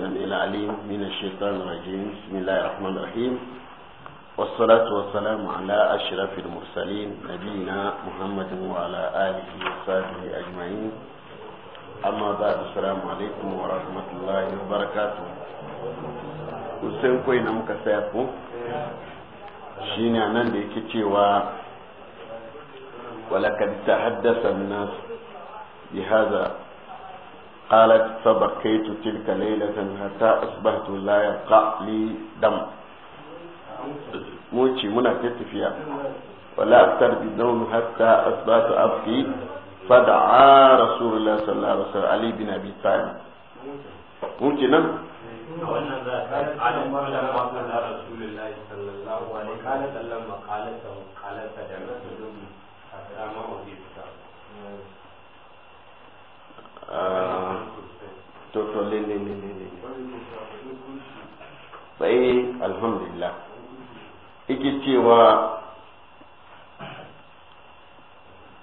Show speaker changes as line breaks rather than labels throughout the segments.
السميع العليم من الشيطان الرجيم بسم الله الرحمن الرحيم والصلاة والسلام على أشرف المرسلين نبينا محمد وعلى آله وصحبه أجمعين أما بعد السلام عليكم ورحمة الله وبركاته usenko ina muka saya ku shine anan da yake cewa walakad tahaddasa an قالت فبكيت تلك ليلة حتى أصبحت لا يبقى لي دم
موشي منا كتفيا ولا أكثر بالنوم
حتى أصبحت أبكي فدعا رسول الله صلى الله عليه وسلم علي بن أبي طالب
موشي نم وأن ذاك على رسول الله صلى الله عليه وسلم لما قالت قالت
to to le le le le sai alhamdulillah yake cewa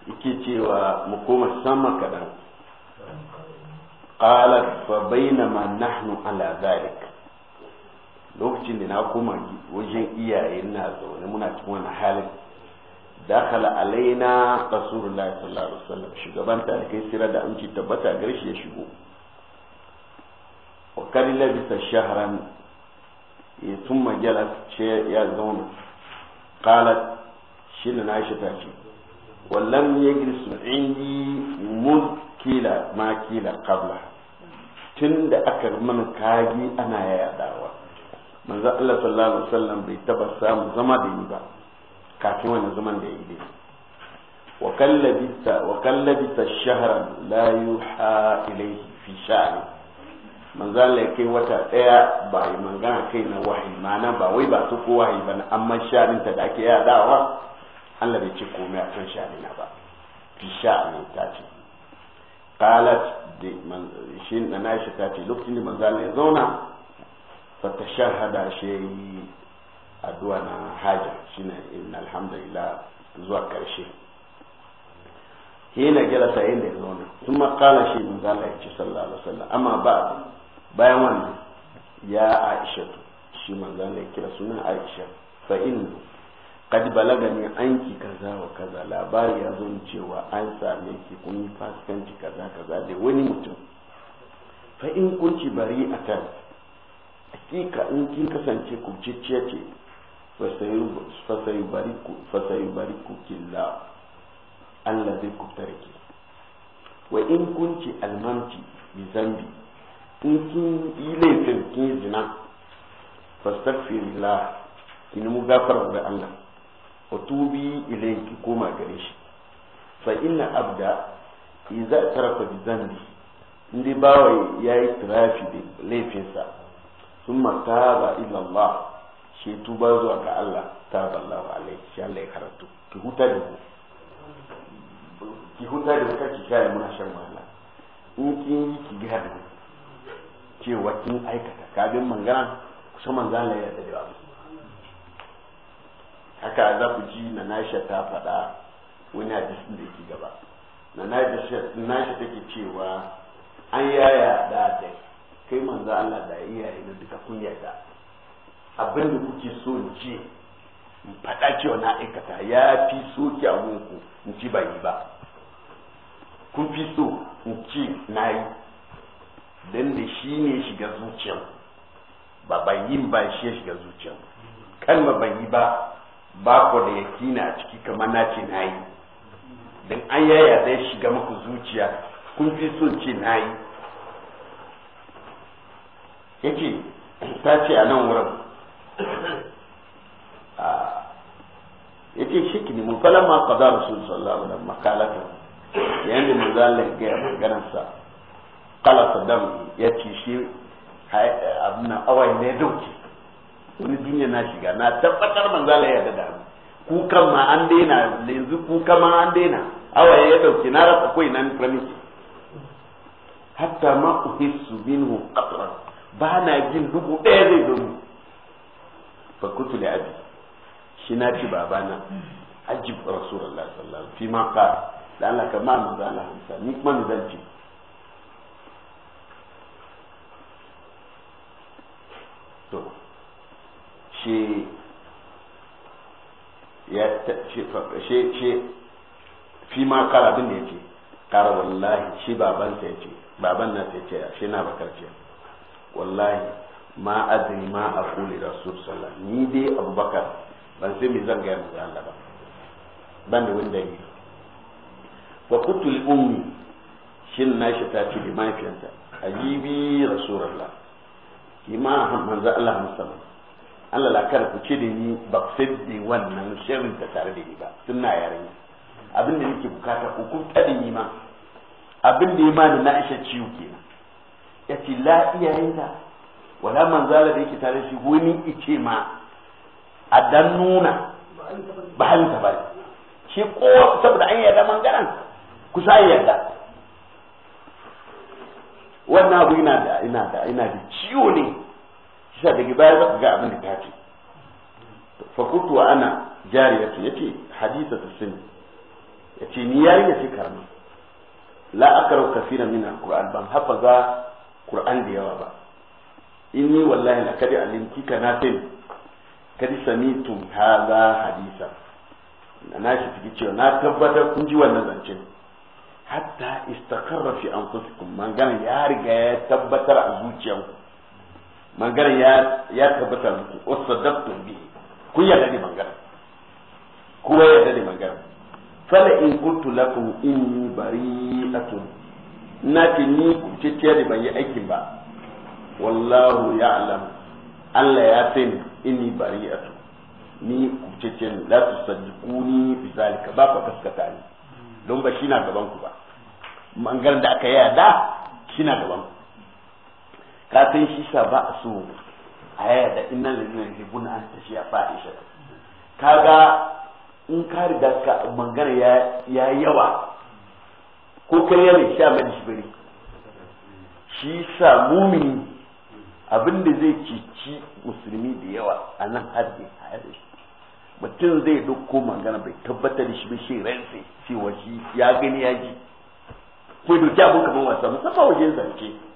yake cewa mu koma sama kadan qalat fa bainama nahnu ala dhalik lokacin da na koma wajen iyaye na zaune muna cikin wani halin dakala alaina rasulullahi sallallahu alaihi wasallam shugaban kai sira da amci tabbata gare shi ya shigo وقد لبث شهرا ثم جلس يزون قالت شلنا عائشة ولم يجلس عندي مذ ما كيلا قبلها tun da aka mana kagi ana yadawa manzo Allah sallallahu alaihi wasallam bai taba samu zama da yi ba kafin wannan zaman da yi dai wa kallabita wa kallabita shahran la yuha fi manzala ya kai wata daya ba yi mangana kai na wahayi ma'ana ba wai ba su ko wahayi ba na amma shaninta da ake yadawa Allah bai ce komai a kan shanina ba fi sha'anin ta ce qalat da shi na shi ta ce lokacin da manzala ya zauna fa tashahada shi addu'a na haja shine in alhamdulillah zuwa karshe hina jalasa inda ya zauna kuma qala shi manzala ya ce sallallahu alaihi wasallam amma ba bayan wannan ya aisha shi manzan da kira sunan aisha fa in kad an anki kaza wa kaza labari ya zo cewa an same ki kun yi fasikanci kaza kaza da wani mutum fa in kunci bari a kan hakika in kin kasance ku cicciya ce fasayi bari ku killa Allah zai kubtare ki wa in kunci almanci bi zambi
in kin yi
laifin kin yi zina la ki nemi gafara da Allah wa tubi ilayhi ki koma gare shi fa inna abda idza tarafa bi dhanbi indi bawa yayi tirafi da laifinsa summa ba ila Allah shi tuba zuwa ga Allah ta Allah alaihi shi Allah ya karatu ki huta da ki huta da kake ga muna shan wahala
in kin yi
ki ga cewa kin aikata kafin mangana kusa mangana ya da abu haka za ku ji na nasha ta faɗa wani hadisin da yake gaba na nasha take cewa an yaya da dai kai manzo Allah da iyaye na duka kun yarda abin da kuke so ce in faɗa cewa na aikata ya fi so ki a ku in ci ba yi ba kun fi so in ci na yi don da shi ne shiga zuciyan ba ban yin ba shi ya shiga zuciyan kalma ban yi ba ba ko da yakina a ciki kamar na ce na yi don an yaya zai shiga muku zuciya kun fi son ce na yi yake ta ce a nan wurin yake shi ne mun falama qadar rasul sallallahu sallama da makalatan yayin da manzo Allah gaya maganarsa saddam ya ci shi abin awai ne dauke wani duniya na shiga na tabbatar manzala ya da kukan ma an daina yanzu kukan ma an daina awai ya dauke na rasa koi nan premise hatta ma uhissu minhu qatra ba na jin dubu ɗaya zai zo fa kutu li abi shi na ci babana ajib rasulullahi sallallahu alaihi wasallam fi ma qala dan Allah kamar manzo Allah ni kuma ni zan ci shi ya fi ma kala abin da ya ce kara wallahi shi babansa ya ce baban na sai ce shi na bakar ce wallahi ma azri ma a kuli rasul sallah ni dai abubakar ban sai mai zan gaya manzo Allah ba ban da wanda yi wa kutul ummi shin na shi ta ce bi mahaifiyarta ajibi rasulullah ki ma manzo Allah musamman Allah la kar ku ce da ni ba ku sai da wannan shirin ta tare da ni ba tun na abin da nake bukata ku ku tada ni ma abin da ya ma da na isa ciwo kenan yace la iyayenta wala manzala da yake tare shi wani ice ma a dan nuna ba ta ba Ke ko saboda an yarda mangaran ku sai yarda wannan abu ina da ina da ina da ciwo ne shi daga baya za ka ga abin da ta ce fakultu wa ana ce yake hadisa ta sun ce ni ya ce karama la akara kafira min alquran ban hafa za qur'an da yawa ba inni wallahi la kadi alimti kana tin kadi samitu hadha hadisa na shi fiki cewa na tabbatar kun ji wannan zancen hatta istakarra fi anfusikum magana ya riga ya tabbatar a zuciyanku mangaren ya tabbata muke wasadaqtu bi ku kun yarda da mangaren kuma yarda da mangaren fala in kuntu lakum inni bari'atun na ce ni kuciciya da ban yi aikin ba wallahu ya'lam Allah ya sani inni bari'atun ni ku ne la tusaddiquni bi zalika ba ku kaskata ni don ba shi na gaban ku ba mangaren da aka da shi na gaban ku ka san shi sa ba a so a yaya da inna lalina yanzu buna an tafiya fahisha kaga in ka riga ka mangana ya yawa ko karya shi sha mai shi bari shi sa mumini abin da zai cici musulmi da yawa a nan har da hare mutum zai ko magana bai tabbatar da shi bai shi ransa cewa shi ya gani ya ji ko doki abin kamar wasa musamman wajen zance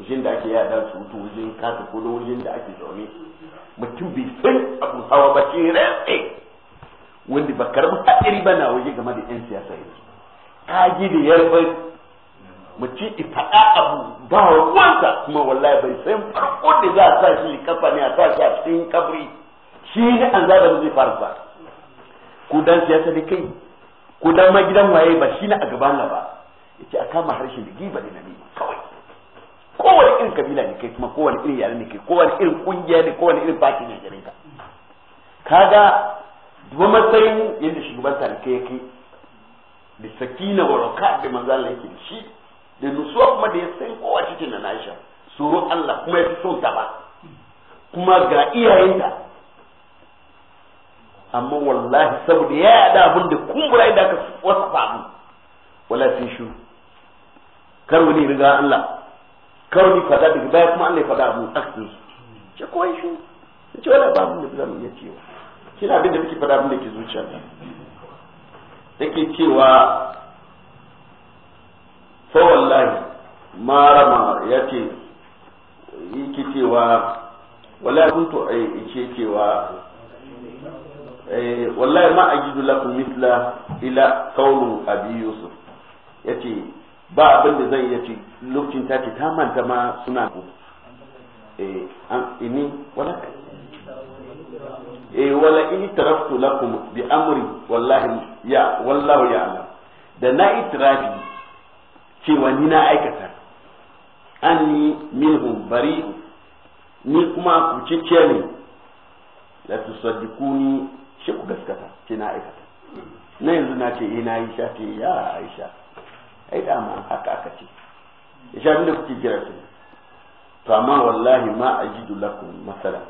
wajen da ake yada su wuce wajen kasa ko da wajen da ake zaune mutum bai san abu hawa ba ce rantse wanda ba karamin haɗari ba na waje game da 'yan siyasa yanzu kagi da yarbar mutum faɗa abu ba wanda kuma wallahi bai san farko da za a sa shi kafa ne a sa shi a cikin kabri shi ne an zaɓa zai fara ba ko dan siyasa ne kai ko dan ma gidan waye ba shi ne a gaban ba yace a kama harshen da giba da nabi kowane irin kabila ne kai kuma kowane irin yare ne kai kowane irin kungiya ne kowane irin baki ne gare ka kaga duba matsayin yadda shugaban talikai ya kai da sakina wa raka da manzan da yake shi da nusuwa kuma da ya san kowa cikin na nasha. tsoron Allah kuma ya fi son ta ba kuma ga iyayenta amma wallahi saboda ya yada abin da kumbura da aka wasa faɗi wala sun shu karo ne riga Allah kawai fada daga baya kuma Allah ya fada mu aksi ce kawai shi in ce wala babu da zamu iya cewa shi na abin da muke fada abin da ke zuciya ta take cewa fa wallahi marama yace yake cewa wala ai ce cewa eh, wallahi ma ajidu lakum mithla ila qawlu abi yusuf yace ba abin da zan iya ce lokacin ta ce ta manta ma suna ku eh an ini wala eh wala in taraftu lakum bi amri wallahi ya wallahu ya'lam da na itrafi cewa ni na aikata anni minhu bari ni kuma ku cicce ne la tusaddiquni shi ku gaskata ce na aikata na yanzu na ce eh na yi shafi ya aisha ai dama haka aka ce ya sha kuke kira ke to amma wallahi ma ajidu lakum masala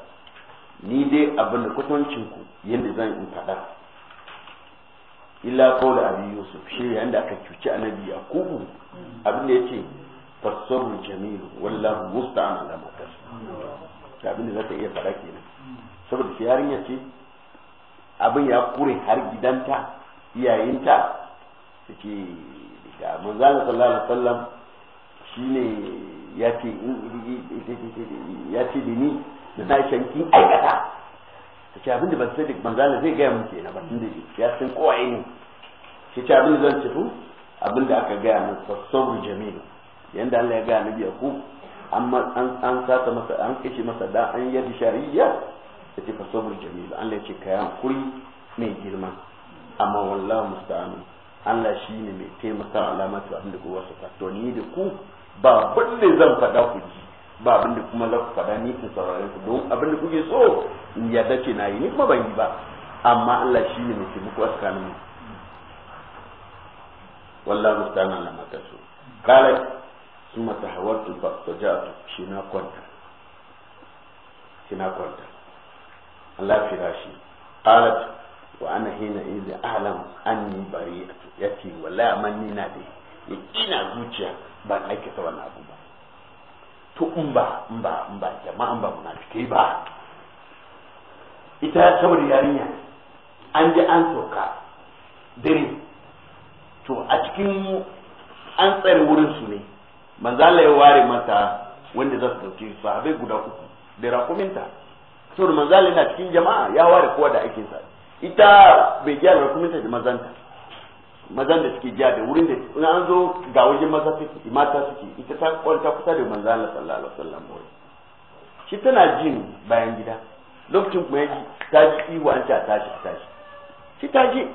ni dai abin da kwatancin ku yadda zan in faɗa illa kawai abi yusuf shi yayin da aka cuci annabi a kuku abin da yace fasarru jamilu wallahu musta'an ala ta abin da zaka iya faɗa kenan saboda shi yarinya ce abin ya kure har gidanta iyayenta take da manzana sallallahu alaihi wasallam shine ya ce in ya ce da ni da na shankin aikata ta ce abinda ban sai da manzana zai gaya mun kenan ba tunda ya san kowa ne shi ce abinda zan cifu abinda aka gaya mun sassabu jamilu yanda Allah ya gaya nabi yakub amma an an sata masa an kashe masa da an yadi shari'a ta ce fasabul jamilu Allah ya ce kayan kuri mai girma amma wallahu musta'anu Allah shi ne mai taimaka ta abin da kowa su to ni da ku ba kulle zan faɗa ku ji ba abin da kuma za ku faɗa ni kun saurare ku don abin da kuke so in dace ce na yi ni kuma ban yi ba amma Allah shi ne mai taimako a tsakanin mu su Kala su mata qala ba tahawwartu ja tajatu shi na kwanta shi na kwanta Allah rashi. Kala wa ana hina idza a'lam anni bari'atun ya ce wallahi amma ni na da ya ina zuciya ba na aikata wannan abu ba to in ba in ba in ba jama'a ba munafikai ba ita saboda yarinya an ji an sauka dare to a cikin an tsare wurin su ne manzala ya ware mata wanda za su dauke su sahabai guda uku da rakuminta saboda manzala yana cikin jama'a ya ware kowa da ake sa ita bai gyara rakuminta da mazanta mazan da suke jiya da wurin da in an zo ga wajen maza suke mata suke ita ta kwanta kusa da manzo Allah sallallahu alaihi wasallam shi tana jin bayan gida lokacin kuma yaji ta ji ihu an ta tashi tashi shi ta je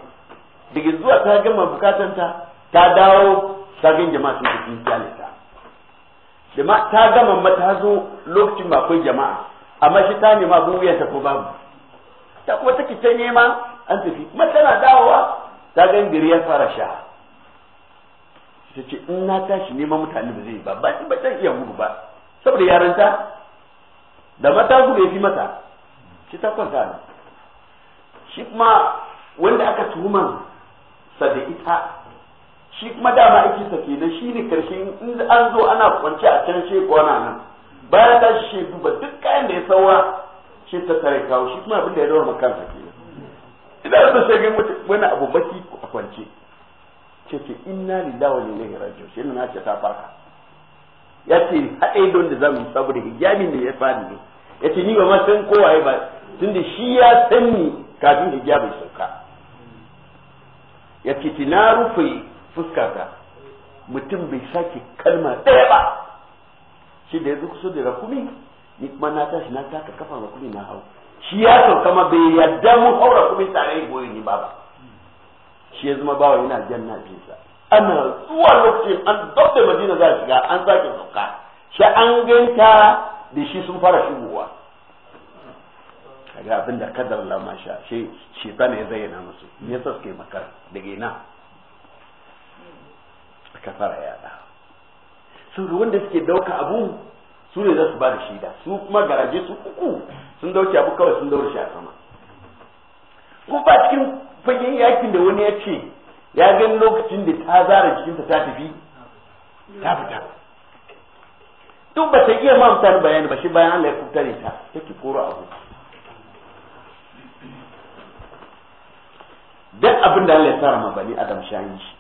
daga zuwa ta gama bukatanta ta dawo ta gin jama'a sun tafi da ma ta gama mata zo lokacin ba akwai jama'a amma shi ta nema abin ta ko babu ta kuma take ta nema an tafi kuma tana dawowa ta gan gari ya fara sha ta ce in na tashi neman mutane ba zai ba ba ba zan iya gudu ba saboda yaranta da mata gudu ya fi mata shi ta kwanta ne shi kuma wanda aka tuhuma sa da ita shi kuma dama ake sake da shi ne karshe in an zo ana kwance a can shi kwana nan bayan ta shi shi duba duk kayan da ya saura shi ta tare kawo shi kuma abin da ya daura makansa ke. ina da sai mutu wani abu baki a kwance ce ce inna lillahi wa inna ilaihi raji'un shi ne na ce ta farka ya ce haɗe don da zamu saboda hijabi ne ya fadi ne ya ce ni ba ma san kowaye ba tunda shi ya san ni kafin hijabi sauka ya ce na rufe fuskata mutum bai sake kalma ɗaya ba shi da ya kusa da rakumi ni kuma na tashi na taka kafan rakumi na hau shi ya sauka ma bai yadda mu haura kuma tare goyi ni ba ba shi ya zama bawa yana janna bisa ana zuwa lokacin an dauke madina za shiga an sake sauka shi an ganta da shi sun fara shigowa kaga abinda kadar la sha shi ne ya zayyana musu me yasa suke makara daga ina ka fara yada saboda wanda suke dauka abu su ne za su ba da shida su kuma garaje su uku sun dauke abu kawai sun daure shi a sama ko ba cikin fagen yakin da wani ya ce ya gani lokacin da ta zara jikinta ta tafi ta fita duk ba ta iya mamta bayani ba shi bayan Allah ya kuta ta take koro abu duk abin da Allah ya tsara ma bani Adam shayin shi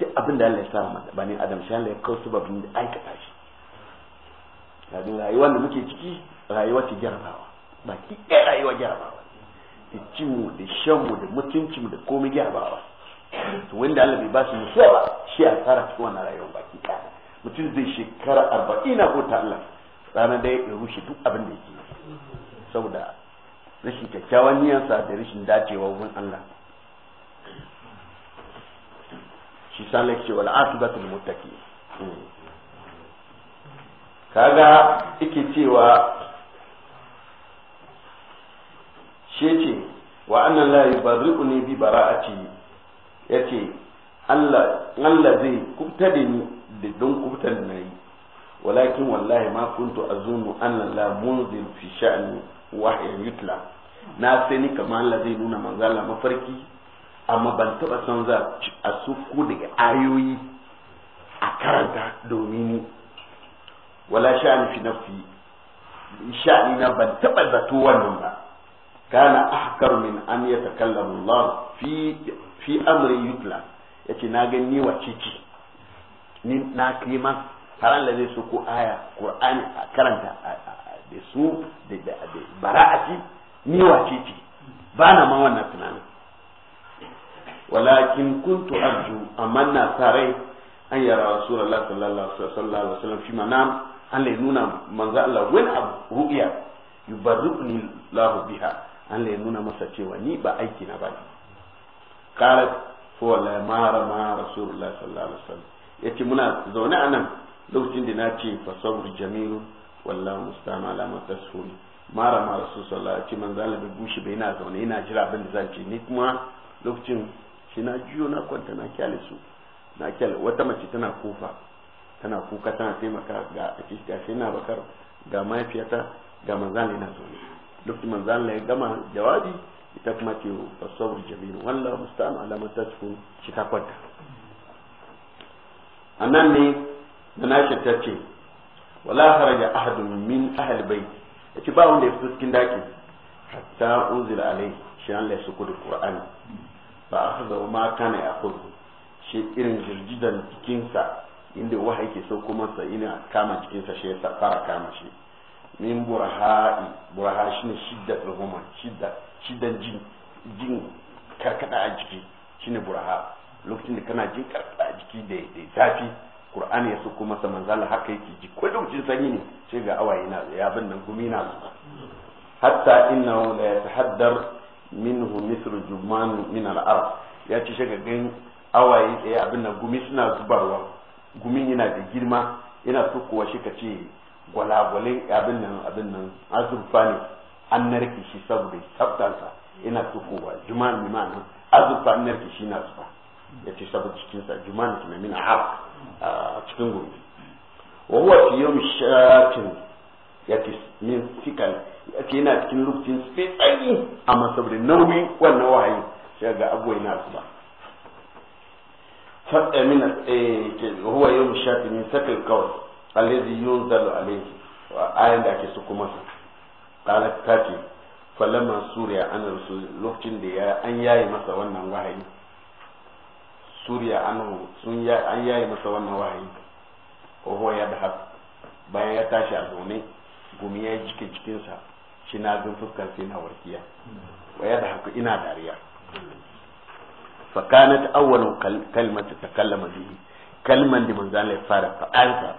duk abin da Allah ya tsara ma bani Adam shayin Allah ya kawo sababin da aikata shi kajin rayuwar da muke ciki rayuwa ce jarabawa ba ki ɗaya rayuwa jarabawa da cinmu da shanmu da mutuncinmu da komai jarabawa to wanda Allah bai ba shi musuwa ba shi a tsara cikin wannan rayuwar baki ɗaya mutum zai shekara arba'in na kota Allah ranar da ya rushe duk abin da yake saboda rashin kyakkyawan niyansa da rashin dacewa wurin Allah shi sa lake wal asibatu lil muttaqin hmm. kaga yake cewa shece wa annan la yubarri'u bi bara'ati yace Allah Allah zai kubta da ni da don kubta da yi walakin wallahi ma kuntu azunu annan la munzil fi sha'ni wahyin yutla na sai ni kamar Allah zai nuna manzala mafarki amma ban taba san za a suku daga ayoyi a karanta domin wala sha'ani fi nafsi sha'ani na ban taba zato wannan ba kana ahkar min an yatakallamu Allah fi fi amri yutla yace na ga ni wace ce ni na kima haran Allah zai ko aya Qur'ani a karanta da su da bara'ati ni wace ce ba na ma wannan tunanin walakin kuntu arju amma na sa rai an yara rasulullah sallallahu alaihi wasallam fi manam Allah ya nuna manzo Allah wani abu ru'ya yubarruni lahu biha Allah ya nuna masa cewa ni ba aiki na bane qala fa wala mara ma rasulullah sallallahu alaihi wasallam yace muna zaune anan lokacin da na ce fa sabr jamil wallahu musta'an ala ma tasul mara ma rasul sallallahu alaihi wasallam manzo Allah bai gushi bai na zaune ina jira abin da zan ce ni kuma lokacin shi na jiyo na kwanta na kyale su na kyale wata mace tana kofa tana kuka tana taimaka ga ga shi na bakar ga mahaifiyata ga manzali na duk da manzali ya gama jawabi ita kuma ke fasawar jami'in wallah musta'an alamar ta cikin shi ta a nan ne na nashi ta ce wala haraja ahadun min ahal bai ya ci ba wanda ya fito cikin daki hatta unzila alai shi an lai suku da qur'ani ba a haza ma kana ya kudu shi irin jirjidan jikinsa inda waha yake so kuma sa ina kama sa shi ya fara kama shi min burha'i shi shine shidda tsohoma shidda shiddan jin jin karkada a jiki shine burha lokacin da kana jin karkada a jiki da zafi qur'ani ya kuma masa manzal haka yake ji ko lokacin sanyi ne sai ga awaye na ya bin nan gumi na zuwa hatta innahu la yatahaddar minhu mithlu juman min al-ard ya ci shiga gan awaye tsaye eh, abin nan gumi suna zubarwa gumin yana da girma yana so kowa shi ka ce gwalagwalin abin nan abin nan azurfa ne an narke shi saboda tsaftansa yana so kowa juma'an ne ma'ana azurfa an narke shi na zuba ya ce saboda cikinsa juma'an ne min a cikin gumi wa fi yau shakin ya ce min fikal ya ce yana cikin lokacin sai tsanyi amma saboda nauyi wannan wahayi sai ga abuwa yana zuba fadda eh, min eh, huwa yawm shafi min sakal kawai alladhi yunzalu alayhi wa ayan da ake suku masa qala tati falamma suriya an rasul lokacin da ya an yayi masa wannan wahayi suriya anhu ya an masa wannan wahayi wa huwa yadhab bayan ya tashi a zaune gumi ya jike cikinsa shi na zun fuskar sai na warkiya wa yadhab ina dariya fakanat awwalu ta takallama bihi kalman da manzo Allah ya fara fa'alta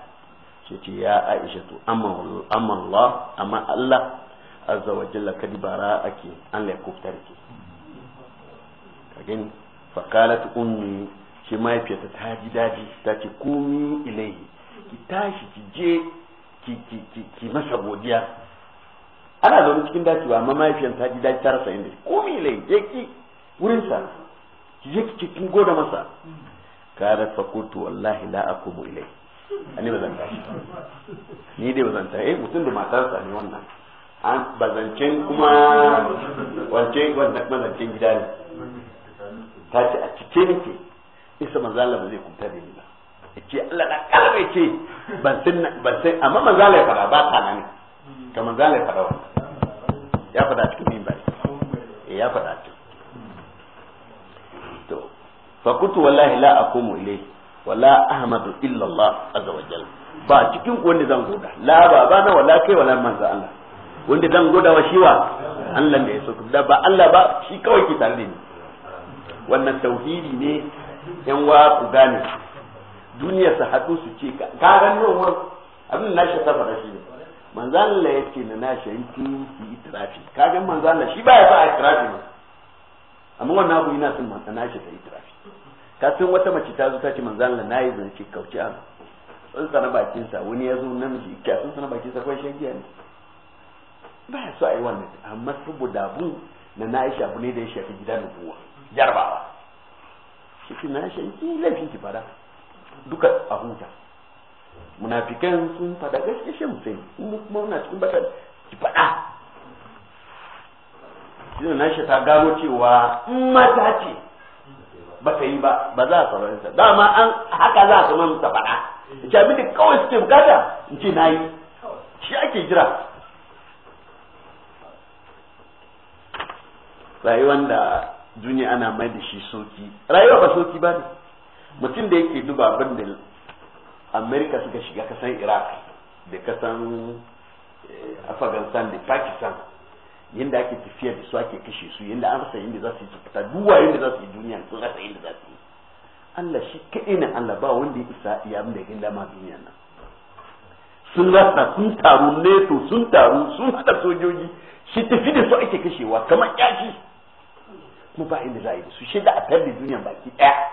sai ce ya Aisha to amma amma Allah amma Allah azza wa jalla kadi bara ake Allah ya kuftar ki kagin fakalat ummi shi ta ji daji ta ce komi ilai ki tashi ki je ki ki ki masa godiya ana zaune cikin dacewa amma mahaifiyar ta ji daji ta rasa inda komi ilai je ki wurin sa yake je kin goda masa kare fakultu wallahi la akumu ilai
ani bazan tashi ni dai
bazan tashi eh mutum da matarsa ne wannan an bazancen kuma wance wannan bazancen gida ne ta ce a cike nake isa manzala ba zai kuta da ni ba ce Allah na kalbe ce ban san ban san amma manzala ya fara ba ta nan ka manzala ya fara ya fara cikin min ba ya fada cikin fakutu wallahi la akumu ilayhi wala ahmadu illa Allah azza wa jalla ba cikin ku wanda zan goda la baba na wala kai wala manzo Allah wanda zan goda wa shi wa Allah ne so da ba Allah ba shi kawai ke tare ni wannan tauhidi ne yan wa ku gane duniya su haɗu su ce ka gani wannan abin na shi ta shi ne manzo Allah ya ce na nashi in kin yi itirafi kaga manzo Allah shi ya sa itirafi ne amma wannan abu yana son manzo nashi ta itirafi kafin wata mace ta zo ta ce manzan Allah nayi zance kauce an sun sana bakin sa wani ya zo namiji kafin sana bakin sa kawai shagiya ne ba ya so a yi wannan amma saboda bu na na isha abu ne da ya shafi gida da buwa. jarbawa shi ki na shan ki laifin ki fada duka a huta munafikan sun fada gaske shan sai mu kuma muna cikin bata ki fada shi na shi ta gano cewa mata ce ba yi ba ba za a saurare sa dama an haka za su man sa faɗa ce abin da kawai suke bukata in ce na yi shi ake jira rayuwar da duniya ana mai da shi soki rayuwa ba soki ba ne mutum da yake duba abin da amerika suka shiga kasan iraq da kasan eh, afghanistan da pakistan yanda ake tafiya da su ake kashe su yanda an rasa yanda za su yi su fita duwa yanda za su yi duniya sun rasa yanda za su yi Allah shi kaɗai na Allah ba wanda ya isa ya abin da ya ma duniya nan sun rasa sun taru neto sun taru sun haɗa sojoji shi tafi da su ake kashewa kamar yashi kuma ba inda za a yi su shi da a tarbi duniya baki ɗaya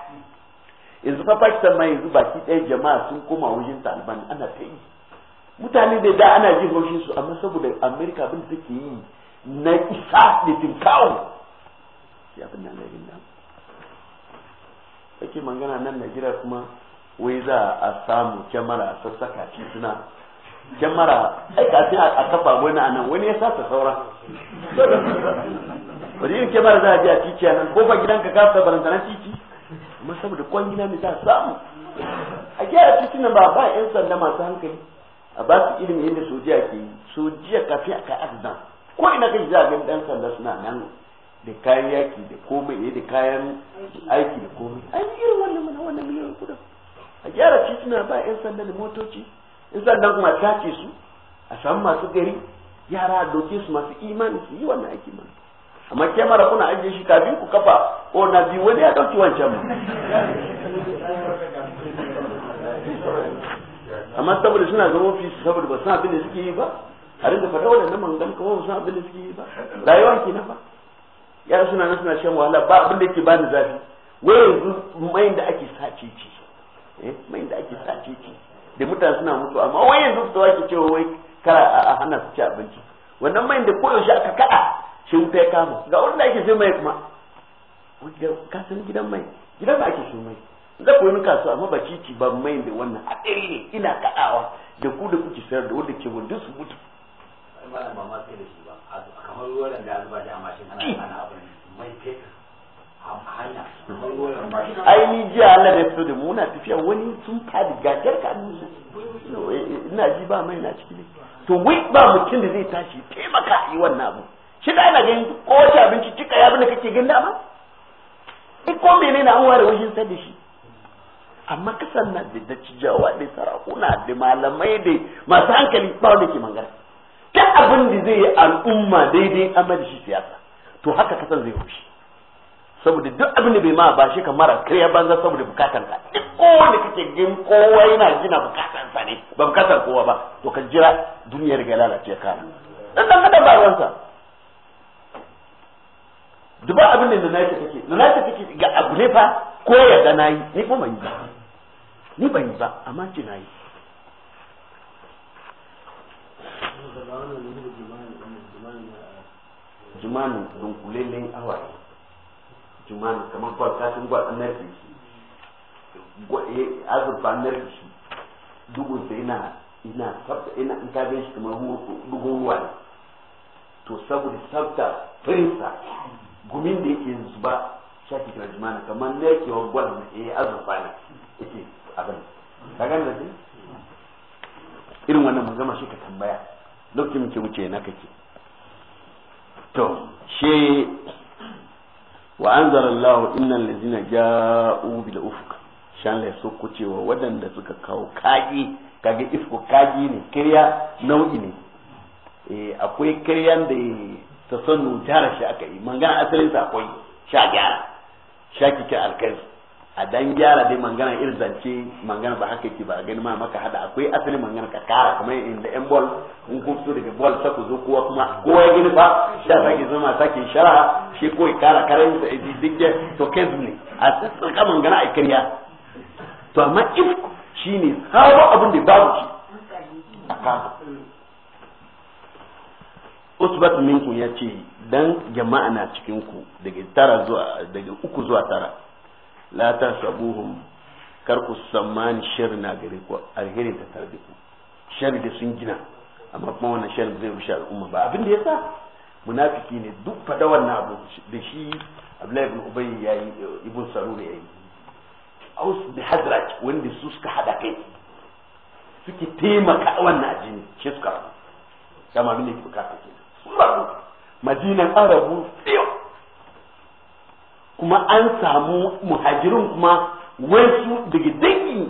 yanzu fa Pakistan ma yanzu baki ɗaya jama'a sun koma wajen Taliban ana ta yi mutane da da ana jin haushin su amma saboda Amerika abin da take yi na isa da tinkawo Ya fi nan da yin nan ake magana nan na najeriya kuma wai za a samu kyamara a sassaka suna kyamara ai kafin a kafa wani a nan wani ya sa ta saura wani yin kyamara za a biya a titi a nan ko ba gidanka ka sa barantana titi amma saboda kwan gina ne za a samu a gyara titi nan ba ba 'yan sanda masu hankali a ba su ilimin yadda sojiya ke yi sojiya kafin a kai accident ko ina kai jiragen dan sanda suna nan da kayan yaki da komai ne eh, da kayan aiki da komai an yi irin wannan mana wannan miliyan kudin a gyara tituna ba yan sanda da motoci in sandan kuma tace su a samu masu gari yara a doke su masu imani su yi wannan aiki mana amma kyamara kuna ajiye shi kafin ku kafa ko na biyu wani ya dauki wancan mu
amma saboda suna
zama ofis saboda ba suna abin da suke yi ba a rinka faɗa wannan mangan kuma ba san abin da
suke yi ba rayuwa
ke ba Ya suna nan suna shan wahala ba abin da yake ba ni zafi wai yanzu mai da ake sace ce eh, mai da ake sace ce da mutane suna mutu amma wai yanzu su tawa ke cewa wai kara a hana su ci abinci wannan mai da koyaushe aka kada shi wuta ya kama ga wanda ake sai mai kuma ka san gidan mai gidan da ake sai mai za ku yi kasuwa amma ba ci ci ba mai da wannan A haɗari ne ina kaɗawa da ku da kuke sayar da wanda ke wanda su mutu malam ba da
shi ba ni jiya Allah
da fito da mu na tafiya wani sun fadi gajar ka ina ji ba mai na ciki ne to wai ba mutum da zai tashi taimaka yi wannan abu shi da ina ganin ko wace abinci cika ya da kake gani ba in ko mene na an ware wajen sa da shi amma kasan na da dacijawa da sarakuna da malamai da masu hankali ba wanda ke mangara duk abin da zai yi al'umma daidai amma da shi siyasa to haka kasan zai rushe saboda duk abin da bai ma ba shi ka mara kariya banza saboda bukatan ka duk kowa da kake gin kowa yana gina bukatan sa ne ba bukatan kowa ba to ka jira duniyar ga lalace ka dan dan kada ba duk duba abin da na ta take na ta take ga abu ne fa ko ya ga nayi ni ko ban yi ba ni ban yi ba amma ce nayi jumanu eh, dunkulelen awaye jumanu kamar kwa kasin gwa an narfe shi eh, azurfa an narfe shi dugun ina ina sabta ina in ka shi kamar dugun ruwa ne to saboda sabta firinsa gumin da yake yanzu ba shafi kira jumanu kamar narkewar gwal na eh azurfa ne yake abin ka gane da irin wannan magana shi ka tambaya lokacin muke wuce na kake to she wa anzara Allah innal ladina ja'u bil ufuq shan la suku cewa wadanda suka kawo kaji kaji ifku kaji ne kirya nau'i ne eh akwai kiryan da ta sannu jara shi aka asalin sa akwai sha gyara sha kike alkai a dan gyara dai mangana irin zance mangana ba haka yake ba a gani ma maka hada akwai asalin mangana ka kara in inda yan bol in kun fito daga bol sa ku zo kowa kuma kowa ya gani ba sha sake zama sake shara shi ko ya kara karen sa duk ya to kai ne a tsaka mangana a kariya to amma if ne sabon abin da babu shi a kama usbat minkum ya ce dan jama'a na cikin ku daga tara zuwa daga uku zuwa tara la ta karku karku samman shar na gare ku alherin ta tarbi ku da sun gina amma kuma wannan shar zai rushe al'umma ba abin da yasa munafiki ne duk fada wannan abu da shi Abdullahi ibn Ubay yayi ibn Sarur yayi Aus da hadrat wanda su suka hada kai suke taimaka wannan ajini shi suka kama abin da yake bukata kenan sun rabu madinan arabu kuma an samu muhajirin kuma wasu daga dangi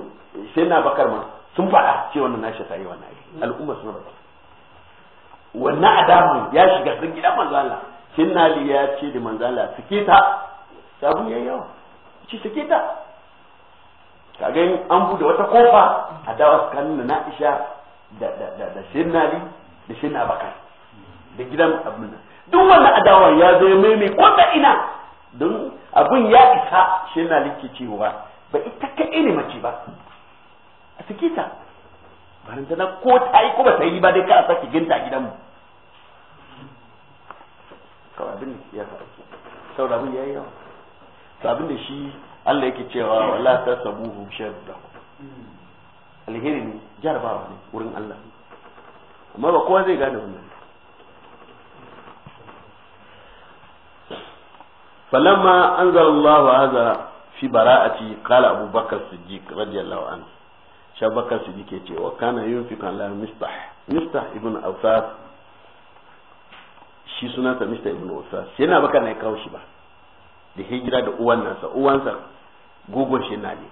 sai na bakar ma sun faɗa ce wannan na shi sai wannan aiki al'umma sun rabu wannan adamu ya shiga sun gidan manzo Allah sai na ya ce da manzo Allah sike ta sabun yayi yawa ci sike ta kaga an bude wata kofa a dawa kan na Aisha da da da da Sinnali da Sinna Bakar da gidan abin duk wannan adawa ya zo mai mai ko ina don abun ya isa shi na cewa ba ita ka ne mace ba a saki ta barin ta ko ta yi ko ba ta yi ba dai ka a saki ginta a gidanmu kawai abin ya faru saboda abin ya yi yawa to abin da shi Allah yake cewa wala ta sabuhu sharra alheri ne jarabawa ne wurin Allah amma ba kowa zai gane wannan falamma anzalallahu hadha fi bara'ati qala abubakar siddiq radiyallahu anhu shabakar siddiq yace wa kana yunfiqu ala mistah mistah ibn awsas shi sunansa mistah ibn sai na baka ne kawo shi ba da hijira da uwan nasa uwansa gogon shi na ne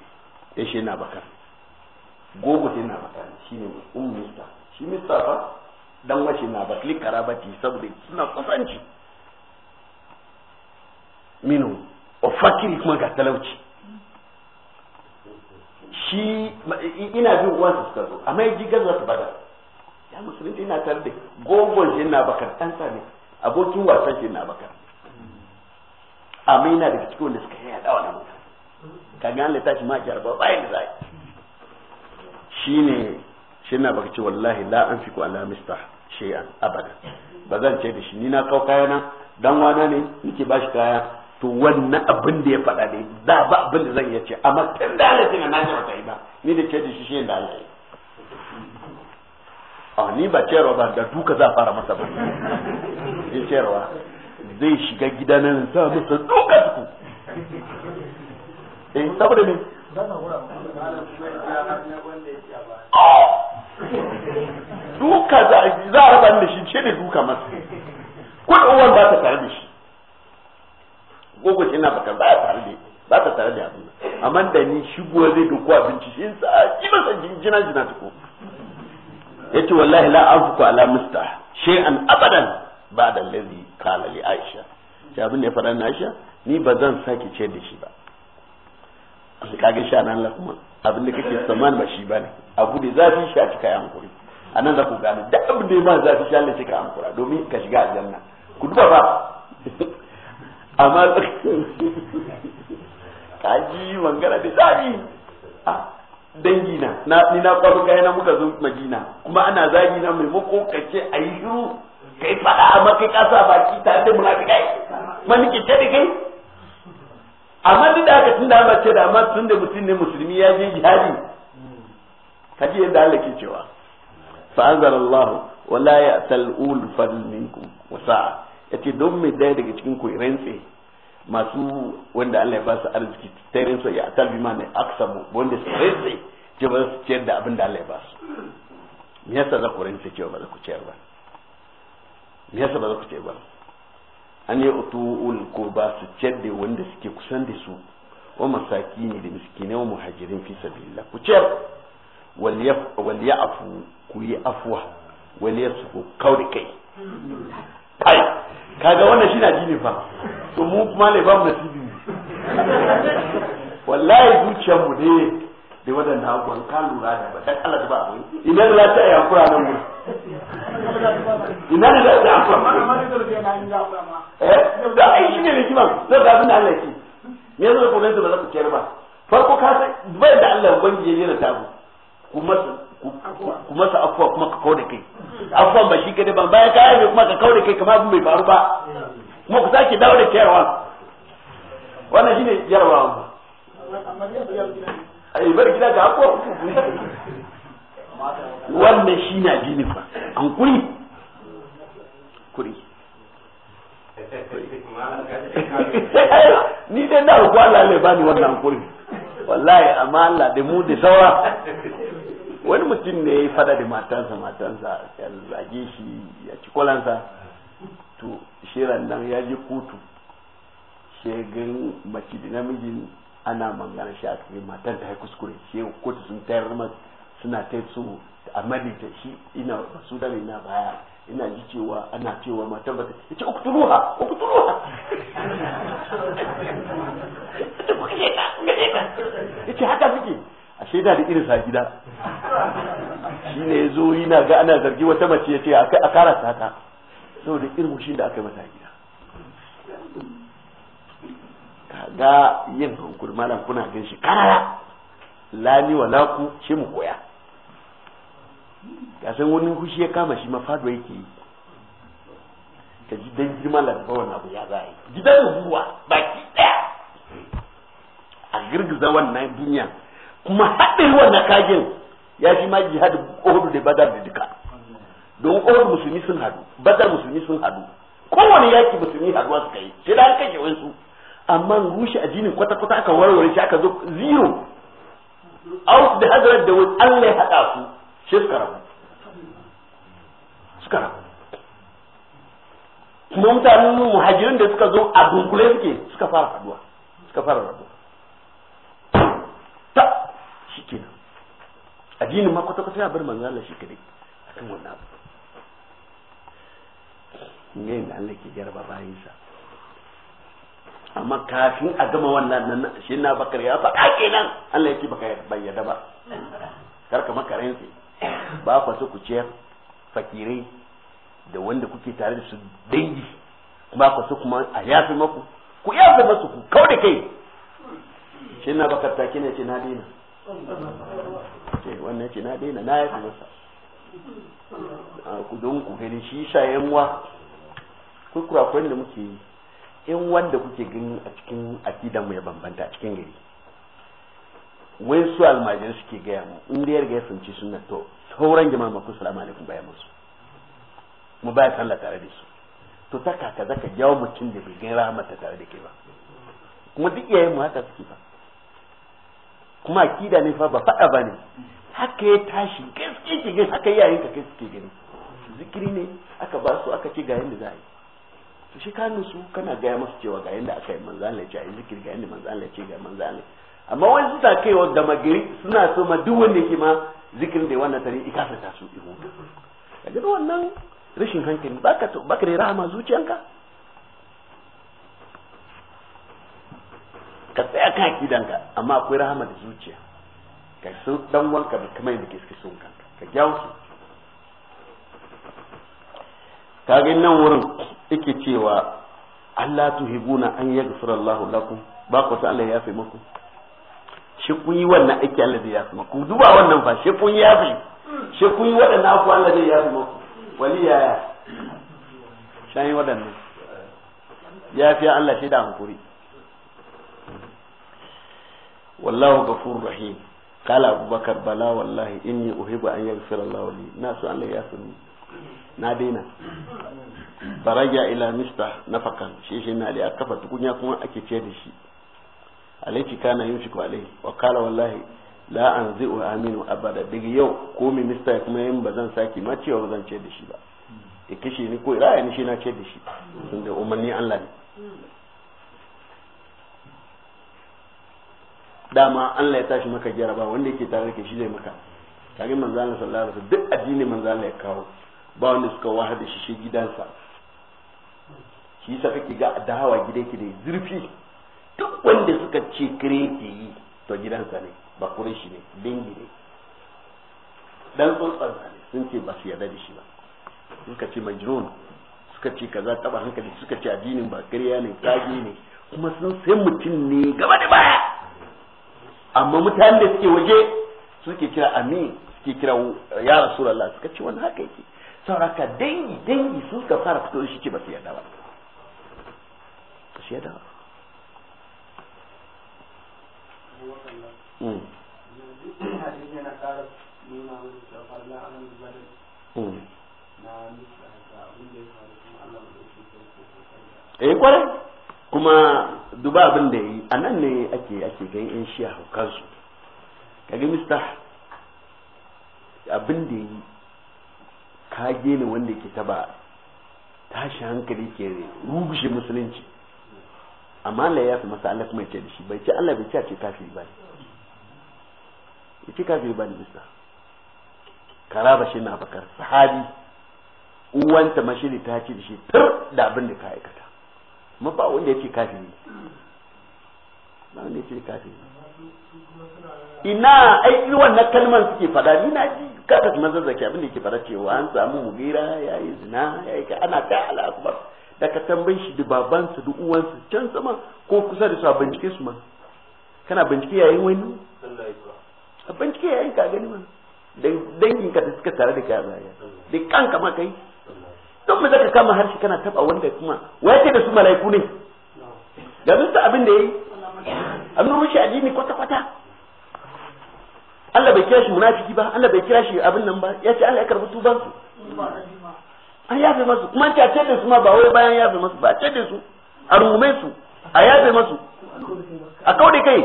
ya shi na baka gogo shi na bakar shi ne um mistah shi mistah fa dan wace na bakli karabati saboda suna kusanci minu fakiri kuma ga talauci shi ina bin su suka zo amma ya ji gaza ta bada ya musulunci ina tare da gogon shi na bakar ɗan sami abokin wasan shi na bakar amma yana daga cikin wanda suka yi yaɗa wani mutum ka ga an shi ma ba bayan da shi ne shi na baka ce wallahi la an fi ku ala mista abada ba zan ce da shi ni na kau kayana dan wana ne nake bashi kaya to wannan abin da ya faɗa dai da ba abin da zan iya ce amma tun da Allah na
naji wata yi ba
ni da ke da shi shi da Allah yi a ni ba ce ba da duka za fara masa ba in cewa zai shiga gida nan sa masa duka duku eh saboda ne duka
za a raba da
shi ce da duka masa kuɗin uwan ba ta tare da shi gogo shi na bakar ba tare da ba ta tare da abin amma da ni shigo zai doko abinci shi sa ji masa jinjina jina ko
yace wallahi la afku ala mustah
shay'an abadan da lazi kala li aisha shi abin da ya faɗa na aisha ni ba zan sake ce da shi ba kaga shi nan la kuma abin da kake tsammani ba shi bane abu da zafi shi a cika yan a nan za ku gane duk abin da ya ma zafi shi Allah cika kura domin ka shiga aljanna ku duba ba amma kaji mangana da zagi ah, dangi na ni na kwaro kai na muka zo madina kuma ana zagi na maimako kace a yi shiru kai fada amma kai kasa baki ta da munafikai ma nike ce da kai amma duk da haka tunda amma ce da amma tunda mutum ne musulmi ya je jihadi kaji yadda Allah ke cewa fa anzalallahu wala ya talul fadl minkum wasa'a ce don mai daya daga cikin ku rantse masu wanda Allah ya ba su arziki ta rantsa ya talbi ma ne aksamu wanda su rantse ce ba su ciyar da abin da Allah ya ba su me yasa za ku rantse cewa ba za ku ciyar ba me yasa ba za ku ciyar ba an yi utuul ko ba su ciyar da wanda suke kusan da su wa ne da ne wa muhajirin fi sabilillah ku ciyar wal ya'fu ku yi afwa wal yasfu kai
kai kaga wannan shi na
jini fa to mu kuma ne ba mu nasibi wallahi zuciyar mu ne da wadannan abubuwan ka lura da ba dan Allah da ba mu ina da lafiya ya kura nan mu
ina da lafiya ya eh
da ai shi ne likiman da ga abin da Allah yake me yazo ko nan da ba za ku kiyar ba farko ka sai bai da Allah ubangiji ne da tabu kuma ku masa afuwa kuma ka kawo da kai afuwan ba shi kadai ba bayan ka aibe kuma ka kawo da kai kamar abin bai faru ba kuma ku sake dawo da ciyarwa wannan shine jarabawa ai bar gida ga afuwa wannan shi addini fa an kuri
kuri ni dai na ku Allah
ne bani wannan kuri wallahi amma Allah da mu da saura wani mutum ne ya fada da matansa matansa ya zage shi ya ci kwalansa to shiran nan ya je kotu shegin mace da namijin ana mangana shi a cikin matan ta haiku kuskure shi kotu sun tayar masa suna ta su a madita shi ina basu da ina baya ina ji cewa ana cewa matan bata ita
ukturuha ukturuha ita kuke ta ita haka suke
a shaida da irin sa gida
shi ne zo yana
ga ana zargi wata mace ya ce a kara ta ta saboda irin shi da aka mata gida kaga yin hankuri malam kuna gan shi karara lani wa laku shi mu koya ya san wani hushi ya kama shi mafado yake yi ka ji dan girma laraba wani abu ya zai gidan ruwa baki daya a girgiza wannan duniya kuma haɗin wannan kagen ya fi ma jihadi ohudu da badar da duka don ohudu musulmi sun hadu badar musulmi sun hadu kowane yaki musulmi haduwa suka yi sai da an kashe su amma rushe addinin kwata-kwata aka warware shi aka zo zero au da hadrat da wani Allah ya haɗa su shi suka rabu suka rabu kuma mutanen muhajirin da suka zo a dunkule suke suka fara haduwa suka fara rabuwa shi kenan addinin ma kwata-kwata ya bar manzo Allah shi kadai akan wannan abu ne da Allah ke jarba bayan sa amma kafin a gama wannan nan shi na bakar ya faɗa kenan Allah yake baka bayyana ba kar ka makarin sai ba ku so ku ciyar fakirai da wanda kuke tare da su dangi ba ku so kuma a yafi maku ku yafi masu ku kau da kai shi na bakar ta ne ce na dina
Eh,
wannan ce na daina na yafi masa ah, ku don ku gani shi yan wa ku kurakuren da muke yi in wanda kuke gani a cikin akidan mu ya bambanta a cikin gari wai su almajirai suke gaya mu in da ya riga ya sunci sunna to sauran jama'a ku salamu alaikum bayan musu mu baya sallah tare da su to ta kaka zaka jawo mutum da bai gani rahama ta tare da ke ba kuma duk iyayen mu haka suke ba kuma akida ne fa ba faɗa ba ne haka ya tashi gaske ke gani haka yayin ka kai suke gani zikiri ne aka ba su aka ce ga yanda za a yi to shi ka nusu kana gaya masu cewa ga yanda aka yi manzo Allah ce yi zikiri ga yanda manzo Allah ce ga manzo Allah amma wani suna kai da magari suna so ma duk wanda yake ma zikirin da wannan tare ikasa ta su ihu kaga wannan rashin hankali baka baka da rahama zuciyanka ka tsaya kan akidanka amma akwai rahama da zuciya ka sun dan wanka da kamar yadda suke son kanka ka jawo su kage nan wurin yake cewa Allah tuhibuna an yaghfira Allah lakum ba ku san Allah ya fi muku shi kun yi wannan aiki Allah zai yafi muku duba wannan fa shi kun yafi shi kun yi wadannan aku Allah zai yafi muku wali ya shan yi ya fi Allah shi da hankuri wallahu ghafur rahim kala abubakar bala wallahi in uhibbu an yaghfira Allah li na so Allah ya na daina faraja ila mista nafakan shi na da a kafa tukunya kuma ake ce da shi alaiki kana yin shi ko alai wa kala wallahi la an zi'u aminu abada daga yau ko minista ya kuma yin ba zan saki ma cewa ba zan ce da shi ba ya kishe ni ko ra'ayi ni shi na ce shi sun da umarni Allah
ne
dama Allah ya tashi maka jaraba wanda yake tare da shi zai maka kage manzo Allah sallallahu alaihi wasallam duk addini manzo Allah ya kawo ba wanda suka wahada shi shi gidansa shi sa kake ga dahawa gida yake da zurfi duk wanda suka ce kire yi to gidansa ne ba kure shi ne dingi ne dan tsotsan ne sun ce ba su yarda da shi ba suka ce majnun suka ce kaza taba hankali suka ce addinin ba kariya ne kage ne kuma sun sai mutum ne gaba da baya amma mutanen da suke waje suke kira amin suke kira eh, ya rasulullah suka ce wannan haka yake sauraka dangi dangi su suka fara fito shi ce ba su yadda ba ba su ba
hmm. Hmm.
eh kwarai kuma duba abin da yi a nan ne ake ake gan yan shi a haukansu kaga mista abin da yi ka gene wanda ke taba tashi hankali ke rugushe musulunci amma Allah ya fi masa Allah kuma ce da shi bai ce Allah bai ce a ce kafiri ba ne ce kafiri ba ne mista raba shi na bakar sahabi uwanta mashiri ta ce da shi tar da abin da ka aikata ma ba wanda yake kafiri ba wanda yake kafiri ina aiki wannan kalman suke fada ni na ji kaka kuma zazzaki abin da yake fada cewa an samu mugira yayi zina yayi ka ana ta ala akbar da ka tambayi shi da baban su da uwan su can sama ko kusa da su a bincike su ma kana bincike yayin wani a bincike yayin ka gani ma dangin ka da suka tare da kai a baya da kanka ma kai don mu zaka kama harshe kana taba wanda kuma wa ce da su malaiku ne da duk abin da yayi an rushe addini kwata kwata Allah bai kira shi munafiki ba Allah bai kira shi abin nan ba ya ce Allah ya karbi tuban su an yafe masu kuma an ce da su ma ba wai bayan yafe masu ba ce da su a rungume su a yafe masu a kawai kai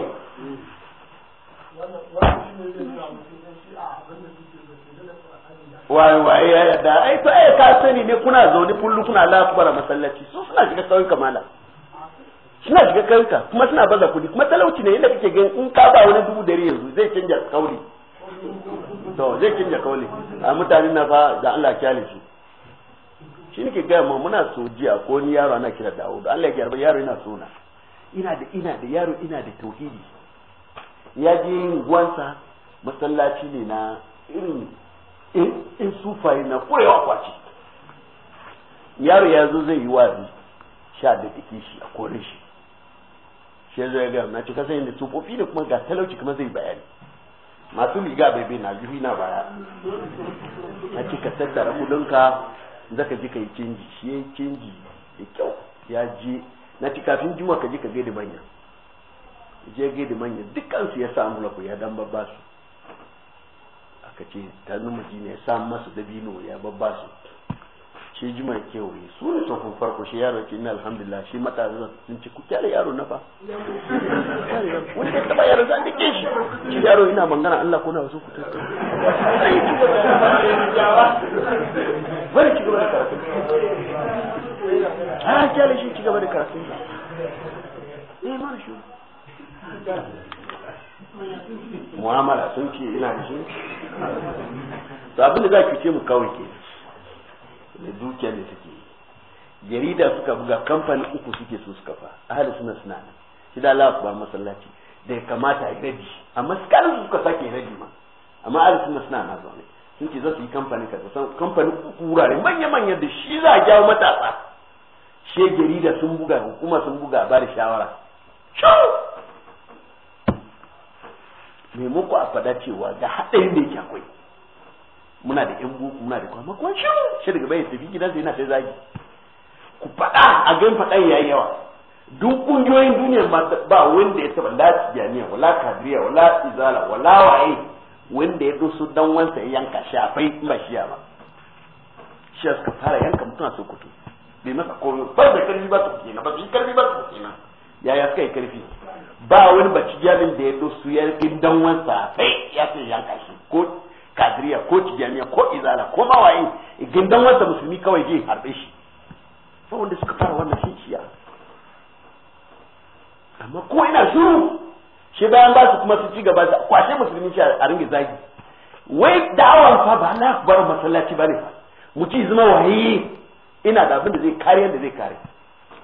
waye waye ya yarda ai to ai ka sani ne kuna zaune kullu kuna Allah masallaci su suna shiga kauyuka mala suna shiga kauyuka kuma suna baza kudi kuma talauci ne yadda kake gan in ka ba wani dubu dari yanzu zai canja kauli
to zai canja
kauli a mutane na fa da Allah kyale shi shi nake gaya mu muna so jiya ko ni yaro ana kira Dawud Allah ya gyarba yaro ina so na ina da ina da yaro ina da tauhidi ya ji gwansa masallaci ne na irin in sufaye na koyawa kwaci yaro ya zo zai yi wazi sha da take shi a kore shi shi ya zo ya gaya na ci kasan yadda tsofofi da kuma ga talauci kuma zai bayani masu riga bai bai na juhi na baya
na ci ka tattara kudinka
zaka ji ka yi canji shi ya yi canji da kyau ya je na ci kafin juma ka ji ka gaida manya je gaida manya dukkan su ya samu lafiya dan babba su ka ce ta zama jini ya sa masa dabino ya babba su shi juma kewaye su ne tsohon farko shi yaro ce ina alhamdulillah shi matasa sun ce ku kyale yaro na fa
wanda ya taba yaro za a ke shi shi yaro ina
mangana Allah ko na wasu ku tattu bari ci gaba da karatun a kyale shi ci gaba da
karatun ne eh, mara shi mu'amala sun ce ina da shi to
abin da za ki ce mu kawai ke da dukiyar da suke jarida suka buga kamfani uku suke so suka fa ahli suna suna nan shi da Allah ba masallaci da ya kamata a rabi amma skalin su suka sake rabi ma amma ahli suna suna na zaune sun ce za su yi kamfani ka san kamfani uku wurare manya manya da shi za a jawo matasa she jarida sun buga hukuma sun buga ba da shawara muku a fada cewa ga haɗari ne ke akwai muna da yan boko muna da kwamma ko shi shi daga bai tafi sai yana sai zagi ku fada a gan fadan yayi yawa duk kungiyoyin duniya ba wanda ya taba la tijaniya wala kadiriya wala izala wala waye wanda ya dusu dan wansa ya yanka shi a fai ba shi ba shi suka fara yanka mutum a sokoto bai masa komai ba da karfi ba su kenan ba su yi karfi ba su kenan yaya suka yi karfi ba wani jami'in da ya zo su ya rikin dan wansa sai ya ce yanka shi ko kadiriya ko jami'a ko izala ko mawaye gindan wansa musulmi kawai je harbe shi fa wanda suka fara wannan shi ciya amma ko ina shuru shi bayan ba su kuma su ci gaba da kwashe musulmi shi a ringe zagi wai da'awar fa ba na bar masallaci bane fa mu ci zama waye ina da abin da zai kare da zai kare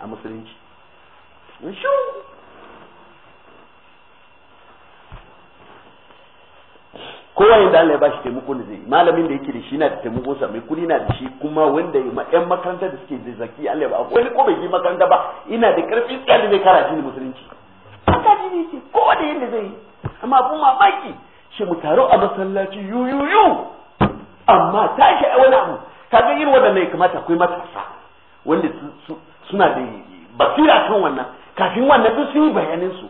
a musulunci shuru kowa da Allah ya bashi taimako ne zai malamin da yake da shi na da taimako sa mai kudi na da shi kuma wanda ya yan makaranta da suke da zaki Allah ya ba wani ko bai yi makaranta ba ina da karfin tsari mai kara jini musulunci haka jini ce kowa da yanda zai yi amma abun mamaki shi mu taro a masallaci yuyuyu amma tashi a wani abu kaga irin waɗannan ya kamata akwai matasa wanda suna da basira kan wannan kafin wannan duk sun yi bayanin su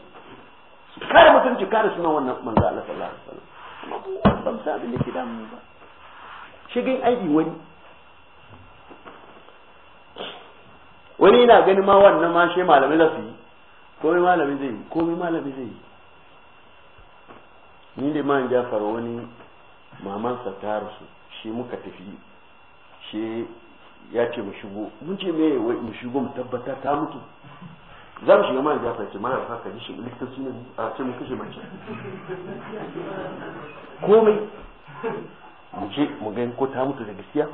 kare mutunci kare suna wannan manzo Allah sallallahu alaihi abubuwan abin da ke damu ba shigin aiki wani wani na ganin ma wannan ma shi malami za su yi komai malami zai yi komai malami zai yi ni da man jafar wani mamansa ta rasu shi muka tafi shi ya ce mu shigo mun ce me mu shigo mu tabbatar ta mutu za mu shiga mana jafa ce mana ka ji shi likitoci ne a ce mu kashe mace komai mu ce mu ga ko ta mutu da gaskiya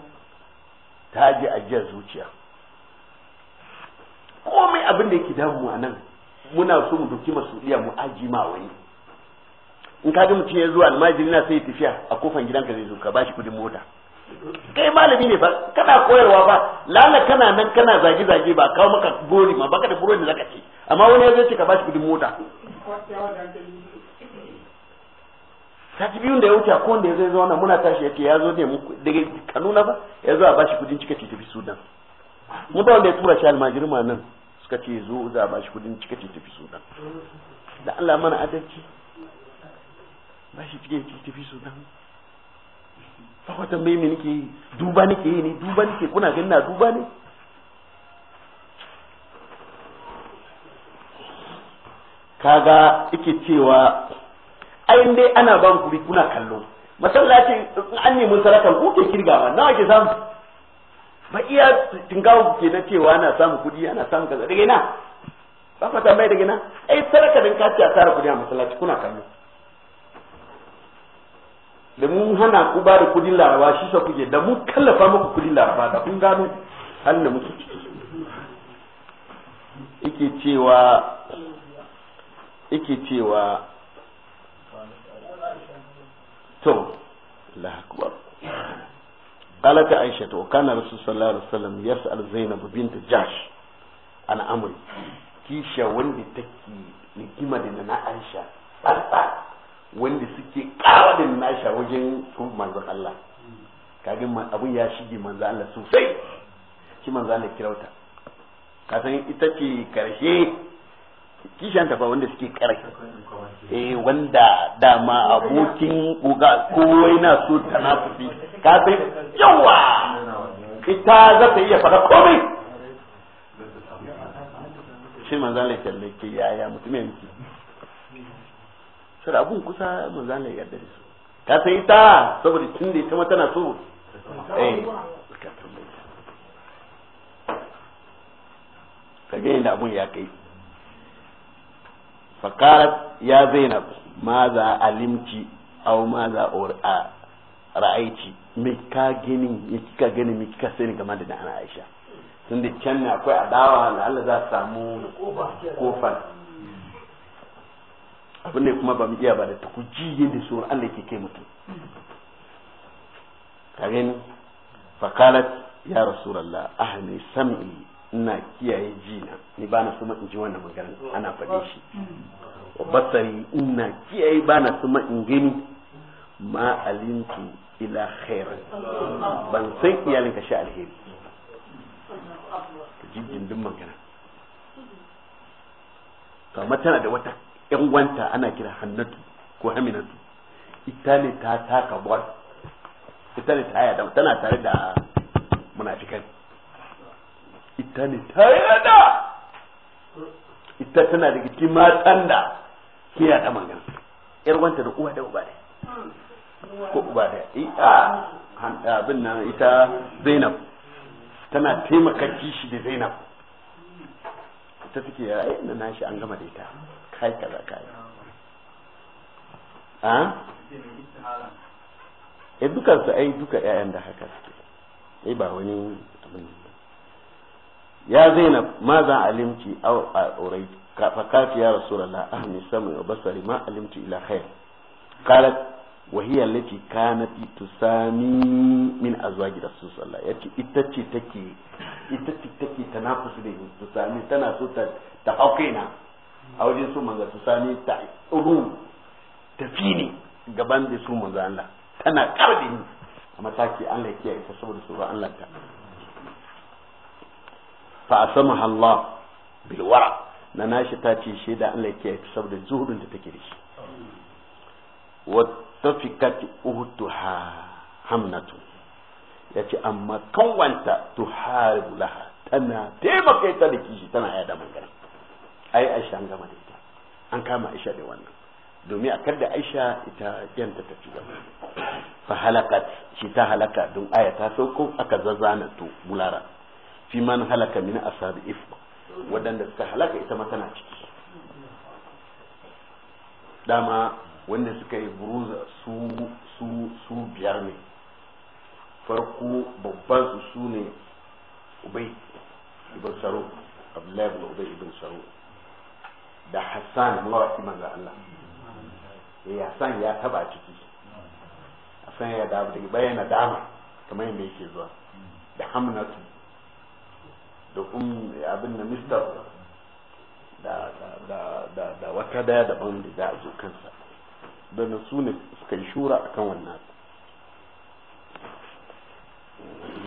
ta ji ajiyar zuciya komai abin da yake damu a nan muna so mu doki iya mu aji ma wani in ka ga mutum ya zuwa almajiri na sai tafiya a kofan gidanka zai zo ka bashi kudin mota kai malami ne fa kana koyarwa fa lala kana nan kana zage zage ba kawo maka gori ma baka da da zaka ci amma wani ya zo ce ka bashi kudin mota sati biyun da ya wuce ko wanda ya zai zo wannan muna tashi ya ce ya zo ne muku daga kanuna ba ya zo a bashi kudin cika tafi sudan ba wanda ya tura shi almajirin ma nan suka ce zo za a bashi kudin cika tafi sudan da Allah mana adalci bashi cike tafi sudan ba ku tambaye me nake yi duba nake yi ne duba nake kuna gani na duba ne kaga ike cewa ai dai ana ban kuri kuna kallo masallaci an nemi sarakar ko ke kirgawa nawa ke samu ba iya tingawo ke na cewa ana samu kudi ana samu kaza daga ina ba ka tambaye daga ina ai saraka din ka ci tara kudi a masallaci kuna kallo da mun hana ku ba da kudin laraba shi sa kuke da mun kallafa muku kudin laraba da kun gano halin da muke yake cewa yake cewa to la akbar قالت عائشة وكان رسول صلى الله عليه وسلم يسأل زينب بنت جاش عن أمري كيشا وندي تكي da na Aisha. wanda suke kawadin nasha wajen sun manzon Allah kagin abun ya shige manzon Allah sosai shi manzon Allah kirauta ka san ita ce karshe kishanta ba wanda suke karshe eh wanda dama abokin koga kowai na so tanafusi ka san yawa
ita za ta iya fara komai
shi manzon Allah ya ke yaya mutum yake da abun kusa mun Allah ya yarda da su ka sai ita saboda tun da ita ma tana so eh ka ga inda abun ya kai fakarat ya zainab ma za alimti aw ma za ra'aiti me ka gani me kika gani me kika sani game da dana Aisha tun da can ne akwai adawa da Allah za samu kofa abinda kuma ba mu iya ba da ta ku ji yadda tsoron Allah ke kai mutum kare ni fakalat ya rasulallah ahli sam'i ina kiyaye ji na ni ba na suma in ji wannan magana ana faɗe shi wa basari ina kiyaye ba na suma in gani ma alintu ila khairan ban san iyalin ka sha alheri ka ji gindin magana to amma tana da wata yan wanta ana kira hannatu ko haminatu ita ne ta taka bol ita ne ta yada tana tare da munafikan ita ne ta yada ita tana da cikin matan da ke yada magana yar wanta da uwa da uba ne ko uba da ita abin nan ita zainab tana taimaka kishi da zainab ita suke ya na nashi an gama da ita har kaza kaza a eh dukan su ai duka ƴaƴan da haka suke ai eh, ba wani abin ya zainab ma za alimci a aurai fa kafi ya rasulullah ahmi sami wa basari ma alimci ila khair qalat wa hiya allati kanat tusami min azwaji rasul sallallahu alaihi wasallam ita ce take ita ce take kusa da tusami tana so ta ta na. a wajen su manzo su sani ta rum tafi ne gaban da su manzo Allah tana karbi ne a mataki Allah ya kiyaye ta saboda su Allah ta fa a Allah bil wara na nashi ta ce shaida Allah ya kiyaye ta saboda zuhudin da take da shi wa tafikat uhtuha hamnatu yace amma kanwanta tuharibu laha tana taimaka ta da kishi tana yada magana ai aisha an gama da ita an kama aisha da wannan domin a da aisha ita yanta ta ci gaba fa halakat shi ta halaka don aya ta sauko aka zazzana to bulara fi man halaka min ashabi if wadanda suka halaka ita ma tana ciki dama wanda suka yi buruza
su su
su biyar ne farko babban su su ne ubay ibn saru abdullahi ibn ubay ibn da hassan mawaki ga Allah ya eh, hassan ya taba ciki hassan ya da daga bayyana dama kamar yadda yake zuwa da hamnatu da um abin da Mr. da da da da wata daya da za da zo kansa don su ne suka yi shura akan wannan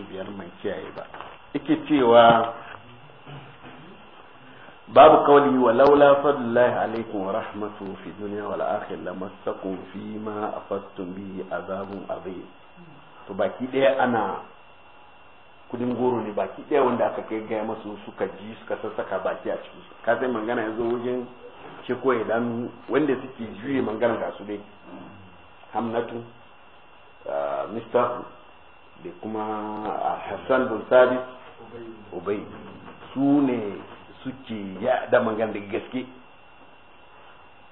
biyar mai kiyaye ba ike cewa babu kawali ولولا فضل الله عليكم ورحمة rahmatu الدنيا dunya wal akhirah lamassakum fi ma afattum bihi azabun azim baki daya ana kudin goro ne baki ɗaya wanda aka kai gaya masu suka ji suka sassaka baki a ciki ka sai mangana yanzu wajen ce ko idan wanda suke juye mangana ga su dai hamnatu ah, mistahu da kuma ah, hassan bin sabit ubay su ne suke ya da magana da gaske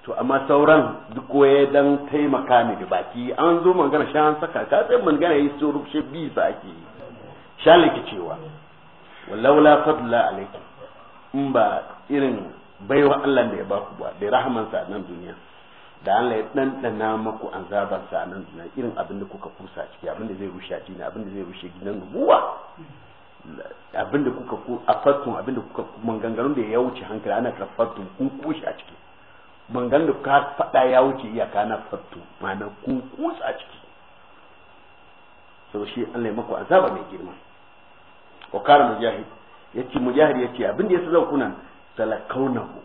to amma sauran duk waye dan taimaka ni da baki an zo magana an saka ka sai magana yi so rufe bi sa ake yi cewa walaula fadla alaikum in ba irin baiwa Allah da ya ba ku ba da rahaman sa nan duniya da Allah ya ɗanɗana maku azabarsa sa nan duniya irin abin da kuka kusa ciki abin da zai rushe addini abin da zai rushe gidan ruwa abinda kuka ku afattun abinda kuka mangangarun da ya wuce hankali ana kira fattun kun kushe a ciki mangan da ka faɗa ya wuce iyaka na fattun ma'ana kun kusa a ciki sau shi an ya maku azaba mai girma wa kara mujahid ya ce mujahid ya ce abinda ya sa zan kunan talakaunahu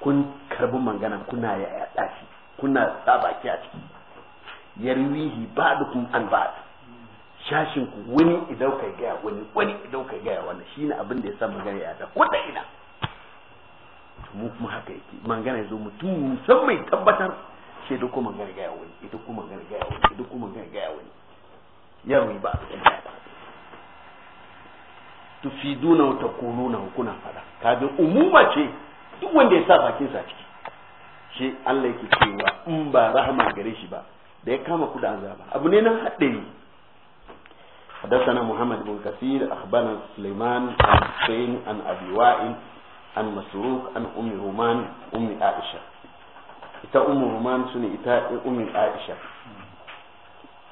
kun karbi mangana kuna ya yaɗa shi kuna tsaba ki a ciki yarwihi kun an ba'd shashin ku wani idan kai gaya wani wani idan kai gaya wani shine abin da ya sa magana ya da kwata ina mu kuma haka yake magana yazo mutum musamman tabbatar shi da kuma magana gaya wani ita kuma magana gaya wani ita kuma magana gaya wani ya ruwi ba a abin da ya ba tufiduna wa takununa kuna fada kaga umuma ce duk wanda ya sa bakin sa ciki shi Allah yake cewa in ba rahama gare shi ba da ya kama ku da azaba abu ne na haɗari حدثنا محمد بن كثير أخبرنا سليمان عن حسين عن أبي وائل عن مسروق عن أم رومان أم عائشة إتا أم رومان سنة إتا أم عائشة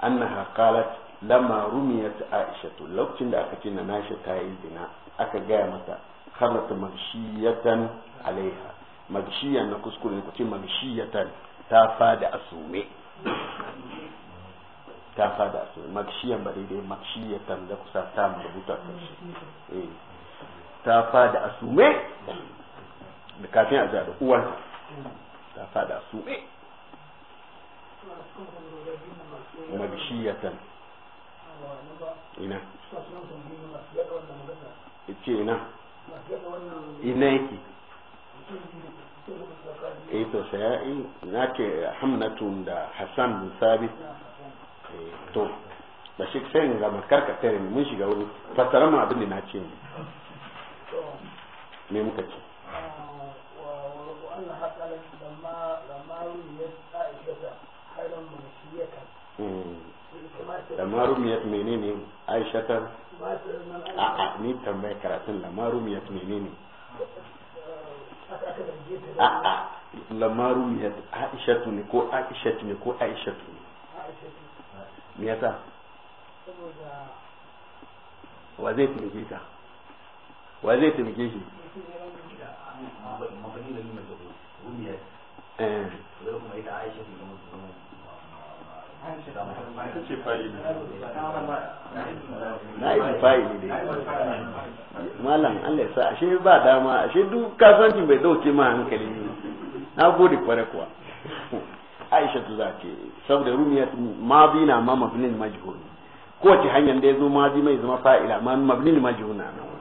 أنها قالت لما رميت عائشة لو كنت أكتنا ناشة تايدنا أكجامة خلت مغشية عليها مغشية نقص كل نقطة مغشية تافاد أسومي ta fada su makshiyan ba daidai makshiyan ta da kusa ta rubuta ta shi eh, ta fada asume da kafin a zaɓi uwan ta fada asume
magshiyatan ina ce ina ina yake eh to sai
na ce hamnatun da hassan bin sabit to ba shi sai in gama karka tare mun shiga wani fassara mu abin da na ce
ne muka ce hmm. lamarumiyat menene
aisha ta a ni tambaya karatun lamaru lamarumiyat menene a a lamarumiyat aisha ne ko aisha ne ko aisha ne me yasa wa zai taimake ka wa zai taimake shi
eh. na yi fa'ili ne malam
Allah ya sa ashe ba dama ashe duk kasancin bai dauke ma hankali ne na gode kware kuwa aisha tu za ce saboda rumiyat madi na ma mabnin majhul kowace hanyar da ya zo madi mai zama fa'ila ma mabnin majhul na nan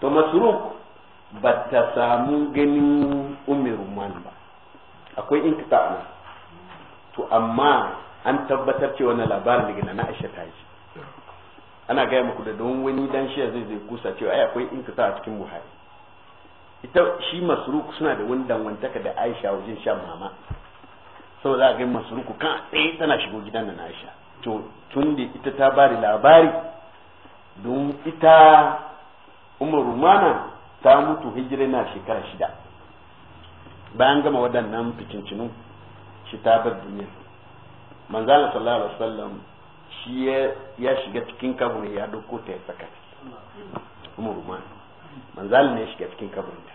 to masruk ba ta samu ganin ummi man ba akwai in inkita nan to amma an tabbatar cewa na labarin daga na aisha ta yi ana gaya muku da don wani dan shi zai zai kusa cewa ai akwai ta a cikin buhari ita shi masruk suna da wani dangantaka da aisha wajen shan mama sau za a ga masruku kan tsaye tana shigo gidan nan aisha to tun da ita ta bari labari don ita umar rumana ta mutu hijira na shekara shida bayan gama waɗannan fitincinu shi ta bar duniya manzala sallallahu alaihi wasallam shi ya shiga cikin kaburi ya doko ta ya saka umar rumana manzal ne shiga cikin kabarinta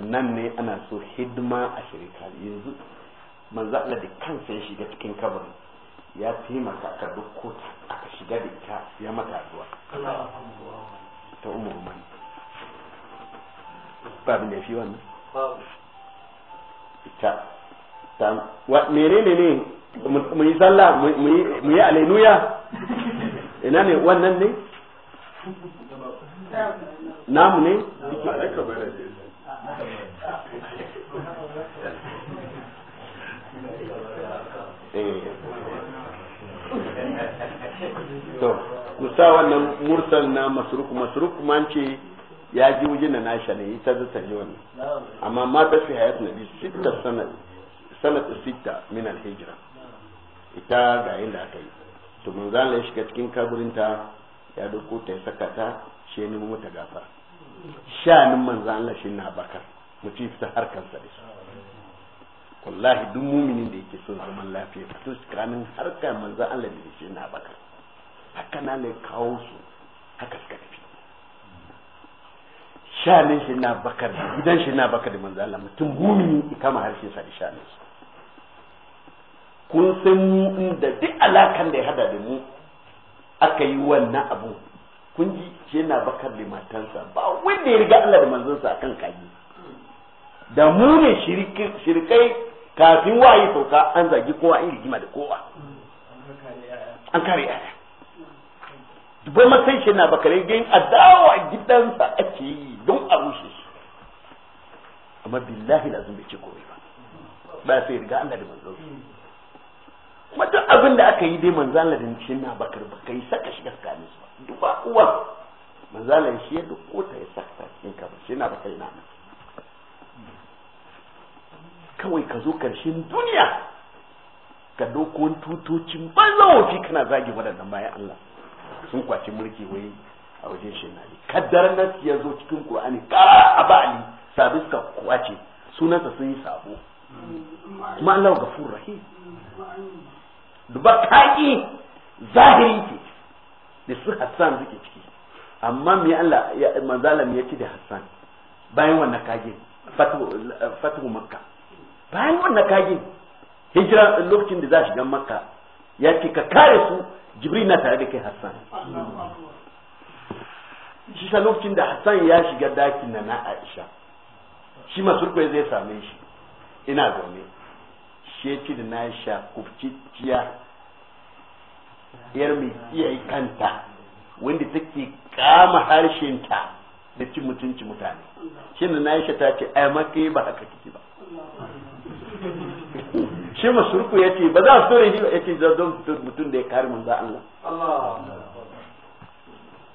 nan ne ana so hidima a shirika yanzu manzala da kansa ya shiga cikin kaburin ya taimaka ka dukko aka shiga da ita ya mata zuwa ta umar mani ba abin fi wannan ita ta mene ne mu yi sallah mu yi aleluya ina ne wannan ne
namu ne to
musa wannan mursal na masruk masruk man ce ya ji wajen na nasha ne ita da ta ji amma mata fi hayat nabi sita sanad sanad sita min al hijra ita ga inda aka yi to mun zan ya shiga cikin kaburinta ya dauko ta ya saka ta shi ne mu ta gafara shanin manzan Allah shi na bakar mutum fita harkarsa da dai wallahi duk muminin da yake son zaman lafiya fito kanin harkar manzan Allah da shi na bakar haka na ne kawo su haka suka tafi shanin shi na bakar gidan shi na bakar da manzan Allah mutum mumini kama harshen sa da shanin shi kun san mu inda duk alakan da ya hada da mu aka yi wannan abu kun ji shi na bakar da matansa ba wanda ya riga Allah da manzonsa akan kaji da mu ne shirkai kafin wayi sauka an zagi kowa an rigima da kowa an kare yaya dubai masai shi na bakare a adawa gidansa ake yi don a rushe shi amma billahi lazim zumbi ce komai ba ba sai riga Allah da manzon kuma duk abin da aka yi dai manzan Allah da shi na bakar bakai saka shi su. duba uwa manzalan shi ya duk ta ya sakta cikin kaba shi na da kai na kawai ka zo karshen duniya ka doko tutocin banza wofi kana zagi waɗannan bayan Allah sun kwaci mulki wai a wajen shi na kaddar nasi ya zo cikin Qur'ani kara a ba'ali sabi ka kwace sunansa sun yi sabo
ma Allah gafur rahim
duba kaki zahiri ke. da su Hassan suke ciki amma mai Allah manzala ya yake da Hassan bayan wannan kagin fatu makka bayan wannan kagin hijira lokacin da za a shiga makka ya ce ka kare su jibril na tare da kai Hassan shi sa lokacin da Hassan ya shiga dakin na Aisha shi masurkwai zai same shi ina zaune shi ya ce da na sha kubciciya yar mai kiyaye kanta wanda take kama harshenta da cin mutunci mutane shi ne na aisha ta ce ai maka ba haka kike ba shi masurku ya ce ba za su tore shi ba ya ce zan mutum da ya kare manza
Allah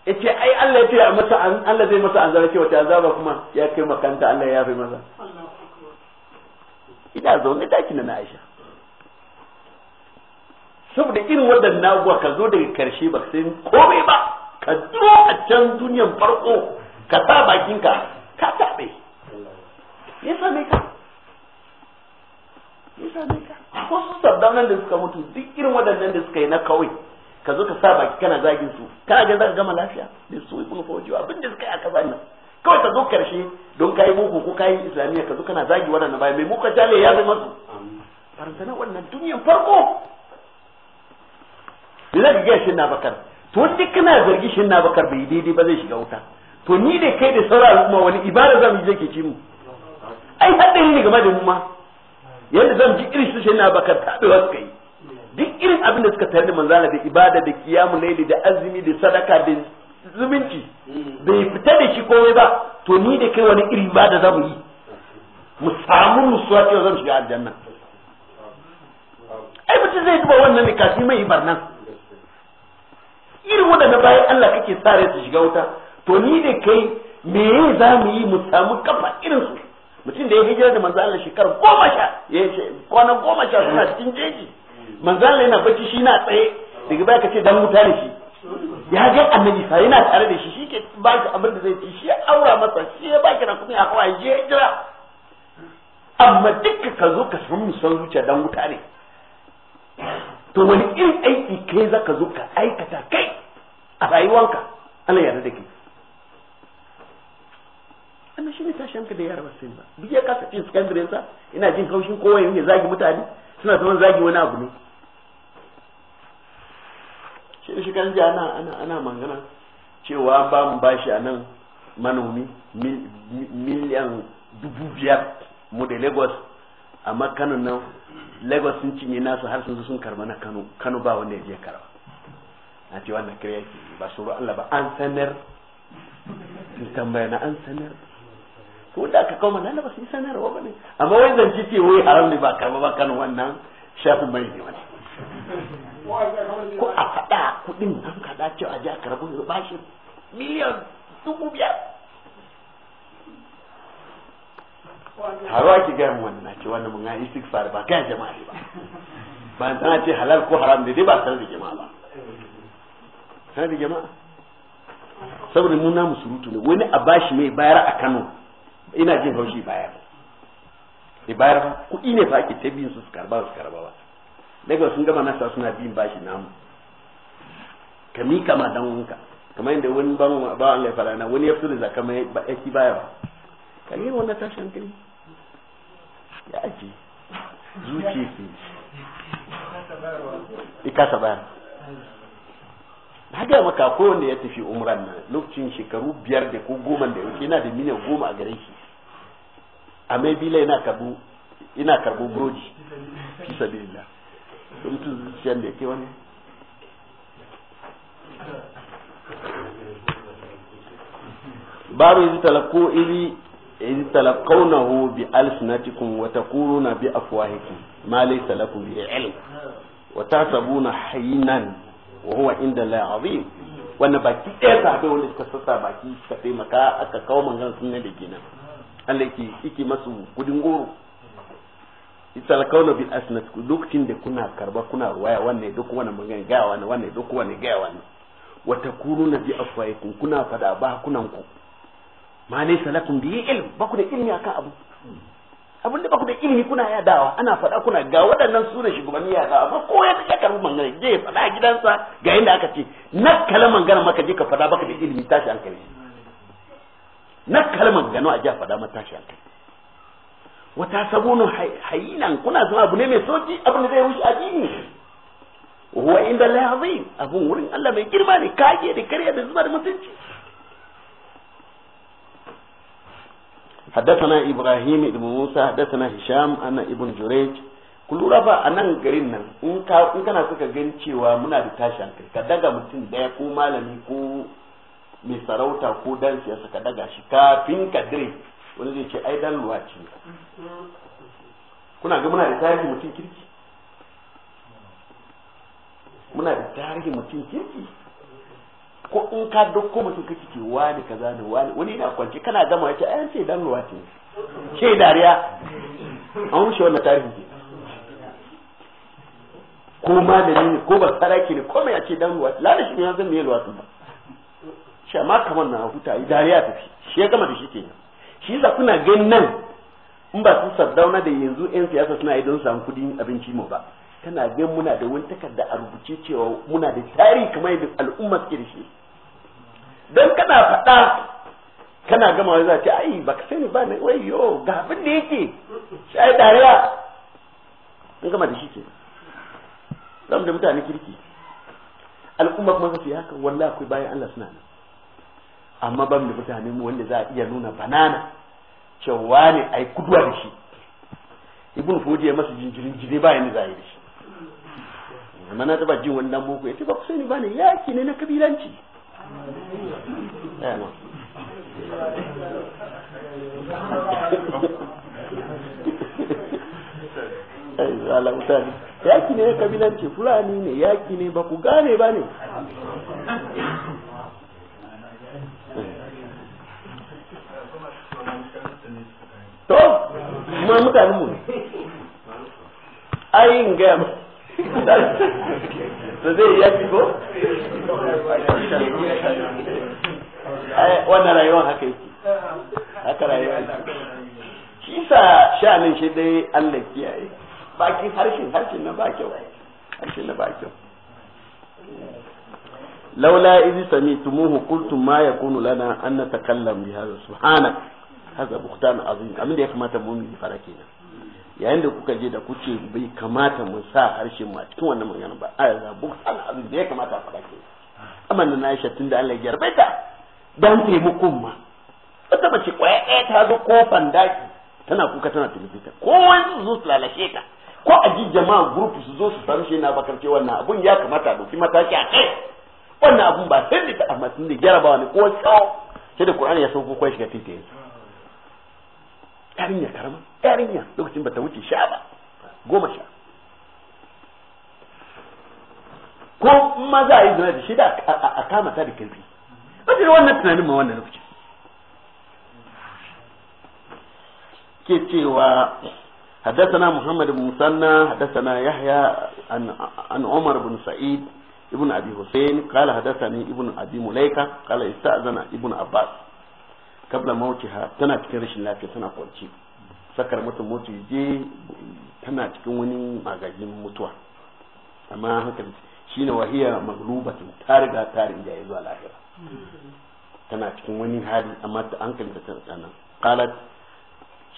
ya ce ai Allah ya ce Allah zai masa azaba ce wata azaba kuma ya kai makanta Allah ya fi masa ina zaune daki na Aisha saboda irin waɗannan abubuwa ka zo daga karshe ba sai komai ba ka zo a can duniyan farko ka sa bakinka ka tabe ya same ka ya same ka ko su sabdan nan da suka mutu duk irin waɗannan da suka yi na kawai ka zo ka sa baki kana zagin su kana ga zaka gama lafiya da su ibnu fawjiwa abin da suka yi a kasan nan kawai ka zo karshe don kayi boko ko kai islamiyya ka zo kana zagi waɗannan bayan mai muka jale ya zama su farantana wannan duniyan farko laggiya shi na bakar to duk kana zargi shi na bakar bai daidai ba zai shiga wuta to ni da kai da sauran al'umma wani ibada zamu je ke ci mu ai haddari ne game da mu ma yanda zan ji irin shi na bakar da wasu yi duk irin abin da suka tare da manzana da ibada da kiyamu laili da azumi da sadaka da zumunci bai fita da shi komai ba to ni da kai wani irin ibada zamu yi mu samu musuwa cewa zan shiga aljanna ai mutum zai duba wannan ne kafin mai barnan irin waɗanda bayan Allah kake sa rai su shiga wuta to ni da kai me za mu yi mu samu kafa irin su mutum da ya hijira da manzo Allah shekara goma sha kwana goma sha suna cikin jeji manzo Allah yana bacci shi na tsaye daga baya ka ce dan wuta da shi ya ga annabi sa yana tare da shi shi ke ba shi abin da zai ci shi ya aura masa shi ya baki na kuma ya hawa ya hijira amma dukka ka zo ka san musan zuciya dan wuta ne to wani irin aiki kai zaka zo ka aikata kai a rayuwanka ana ya da ke. amma shi ne tashi hankali da yara ba sai ba duk ya kasa cin ina jin haushin kowa ya zagi mutane suna ta zagi wani abu ne shi shi kan ana ana ana magana cewa ba mu bashi a nan manomi miliyan dubu biyar mu da Lagos amma kano nan lagos sun cinye nasu har sun sun karba na kano kano ba wanda ya je karba na ce wannan kare yake ba su Allah ba an sanar sun tambaya na an sanar ko da aka kawo mana ba su yi sanarwa ba ne amma wai zance ce wai haram ne ba karba ba kano wannan shafin bai ne wani ko a faɗa kuɗin an kaɗa cewa a ji a karɓi bashin
miliyan dubu biyar har wa gaya ga
mun na ce wannan mun yi istighfar ba kai jama'a ba ba na ce halal ko haram dai ba sanar da jama'a ba sanar da jama'a saboda mun namu surutu ne wani a bashi mai bayar a Kano ina jin haushi bayar ne bayar ba kuɗi ne fa ake ta biyin su su karba su karba ba daga sun gama nasa suna biyin bashi namu ka mika ma dan wanka kamar yadda wani ban ba Allah ya fara na wani ya fito da ba ya ki baya ba kalli
wannan tashin hankali ya aji zuciya
ke ikasa bayar haka maka kowanne ya tafi umran nan lokacin shekaru biyar da ko goma da yauke yana da miliyan goma a gare shi a mai bila yana karbo ina karbo burodi fi sabilillah to mutum zuciyar da yake wani babu yanzu talako iri in talaqawnahu bi alsinatikum wa taquluna bi afwahikum ma laysa lakum bi ilm wa tahsabuna hayyinan wa huwa inda la azim wannan baki ɗaya sahabai wanda suka sassa baki suka taimaka aka kawo mangan sunna da kenan Allah yake yake masu kudin goro italkauna bi asnat lokacin da kuna karba kuna ruwaya wannan duk wannan magana ga wannan wannan duk wannan ga wannan Wata kuruna bi afwaikum kuna fada ba kunan ku ma ne lakum bihi ilm ba ku da ilmi akan abu abin da ba ku da ilmi kuna yadawa ana faɗa kuna ga waɗannan sunan shugabanni ya ga amma ko ya ya karbi mangana je ya faɗa a gidansa ga inda aka ce na kala mangana maka je ka faɗa baka da ilmi tashi hankali na kala mangana a je faɗa ma tashi hankali wata sabunu hayinan kuna zama abu ne mai soji abin da zai wuce addini wa inda lahi abun wurin Allah mai girma ne kage da kare da zubar mutunci حدثنا ابراهيم بن موسى حدثنا هشام انا ابن جريج ku lura ba a nan garin nan in ka in kana suka gan cewa muna da tashi hankali ka daga mutum daya ko malami ko mai sarauta ko dan siyasa ka daga shi kafin ka dire wani zai ce ai dan luwaci ne kuna ga muna da tarihi mutum kirki muna da tarihi mutum kirki ko in ka dauko mutum ka ce wani kaza ne wani wani na kwance kana gama yace ai ce dan ruwa ce ce dariya an wuce wannan tarihi ce ko ma da ne ko ba saraki ne ko mai a ce dan ruwa lalashi ne yanzu ne ruwa ba shi amma kamar na huta yi dariya tafi shi ya gama da shi kenan shi za kuna gan nan in ba su sardauna da yanzu 'yan siyasa suna yi don samu kudin abinci mu ba kana gan muna da wani takarda a rubuce cewa muna da tarihi kamar yadda al'umma suke da shi don kana faɗa kana gama wani za ce ai baka sani ba ne wai yo ga abin da yake
shi dariya
an gama da shi ke zan da mutane kirki al'umma kuma su haka wallahi akwai bayan Allah suna nan amma ban da mutane mu wanda za a iya nuna banana cewa ne ai kuduwa da shi ibnu fudi ya masa jinjirin jire ba yana zai da shi amma na taba jin wannan boko ya ce ba ku sani ba ne yaki ne na kabilanci Eh. yaki ne kabilanci fulani ne yaki ne ba ku gane ba ne
to ma mutanen mu
gaya ma da zai yaki
ko wannan rayuwar haka yake haka rayuwar shi sa
sha'anin shi dai Allah kiyaye baki harshen harshen na ba kyau harshen na ba kyau laula idh sami'tumuhu qultum ma yakunu lana an natakallam bi hadha subhana hadha buhtan azim abin da ya kamata mu yi fara kenan yayin da kuka je da kuce bai kamata mu sa harshen mu a cikin wannan magana ba a buhtan azim da ya kamata a fara kenan amma na Aisha tunda Allah ya yarbaita dan taimakon ma wata mace kwaya ɗaya ta zo kofan daki tana kuka tana tilibita ko wani zo su lalace ta ko a ji jama'a gurupu su zo su samu shi na bakar ce wannan abun ya kamata a ɗauki mataki a kai wannan abun ba sai da ta amma sun da ba wani ko tsawo sai da Qur'ani ya sauko kwai shiga titi yanzu yarinya karama yarinya lokacin ba ta wuce sha ba goma sha ko maza yi zina da shida a kama ta da kirfi wajen wannan tunanin ma wannan lokacin ke cewa حدثنا محمد بن مثنى حدثنا يحيى عن عن عمر بن سعيد ابن ابي حسين قال حدثني ابن ابي مليكه قال استاذن ابن عباس قبل موتها تنا cikin rashin lafiya tana kwanci sakar mata mutu je tana cikin wani magajin mutuwa amma hankali shine wahiya maglubatun ta riga ta rinjaye zuwa lahira tana cikin wani hali amma ta hankalinta ta tsana qalat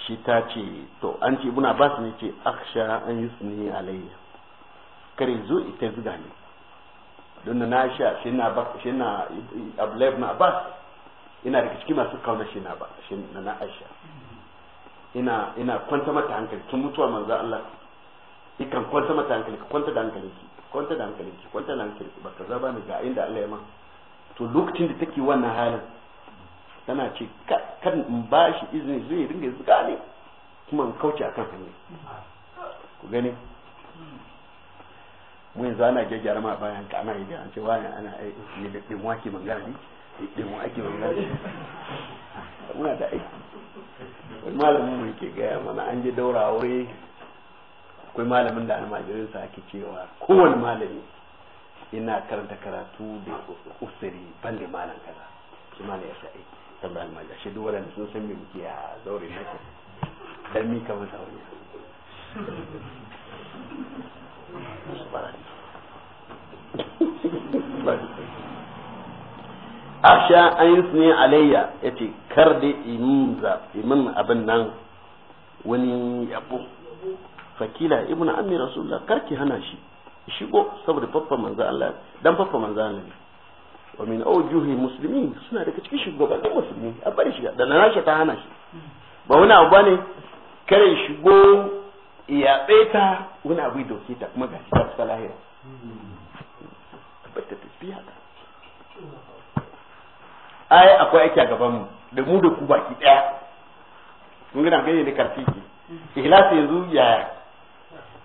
shi ta ce to an ce ibn abbas ne ce akhsha an yusni alayya kare zo ita zuga ne don na sha shi na ba shi na abulai na abbas ina daga cikin masu kauna shi na ba shi na na aisha ina ina kwanta mata hankali tun mutuwa manzo Allah ikan kwanta mata hankali ka kwanta da hankali ki kwanta da hankali ki kwanta da hankali ba kaza ba ni ga inda Allah ya ma to lokacin da take wannan halin tana ce kan in ba shi izini zai ringa zuga ne kuma in kauce akan hanyar ku gani mu yanzu ana gyaggyara ma bayan ka ana yi an ce wani ana yi da ɗin wake gani ɗin wake gani muna da aiki wani malamin mu ke gaya mana an je daura aure akwai malamin da almajirinsa ake cewa kowane malami ina karanta karatu da usuri ban da malam kaza shi ma ya sa eh, aiki sallallahu alaihi wasallam shi duk wanda sun san me muke a zaure na ku dan mi ka sa wani a sha an yi ne alayya ya ce kar da imin abin nan wani yabo fakila ibn ammi rasulullah kar ki hana shi shigo saboda faffa manzo Allah dan faffa manzo Allah wa min awjuhi muslimin suna daga cikin shugabannin musulmi a bari shiga da na ta hana shi ba wani abu bane kare shigo ya beta wani abu doke ta kuma ga shi ta lahira ta tafiya ta ai akwai aiki a gaban mu da mu da ku baki daya mun gina gani da karfi ki ihlasi yanzu yaya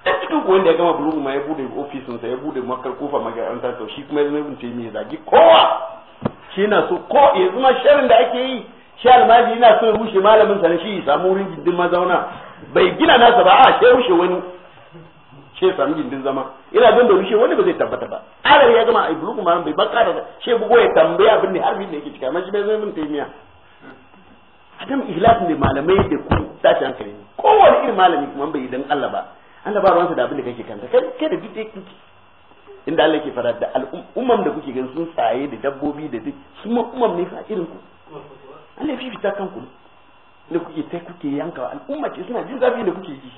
duk wanda ya gama bulugu ma ya bude ofisinsa ya bude makar kofa an to shi kuma ya zama ibn taymiya zagi kowa shi na so ko ya zama sharin da ake yi shi almaji yana so ya rushe malamin sa shi samu wurin gindin mazauna bai gina nasa ba a sai rushe wani shi samu gindin zama ina don da rushe wani ba zai tabbata ba alar ya gama a bulugu ma bai baka da shi bugo ya tambaya abin ne bin da yake cika amma shi bai zama ibn taymiya adam ihlas ne malamai da ku tashi hankali kowane irin malami kuma bai dan Allah ba Allah ba ruwansa da abin da kake kanta kai da duk kike inda Allah yake fara da al'ummam da kuke ganin sun tsaye da dabbobi da duk su ma umam ne fa irin ku Allah fi fita kanku da kuke ta kuke yanka al'umma ce suna jin zafi da kuke ji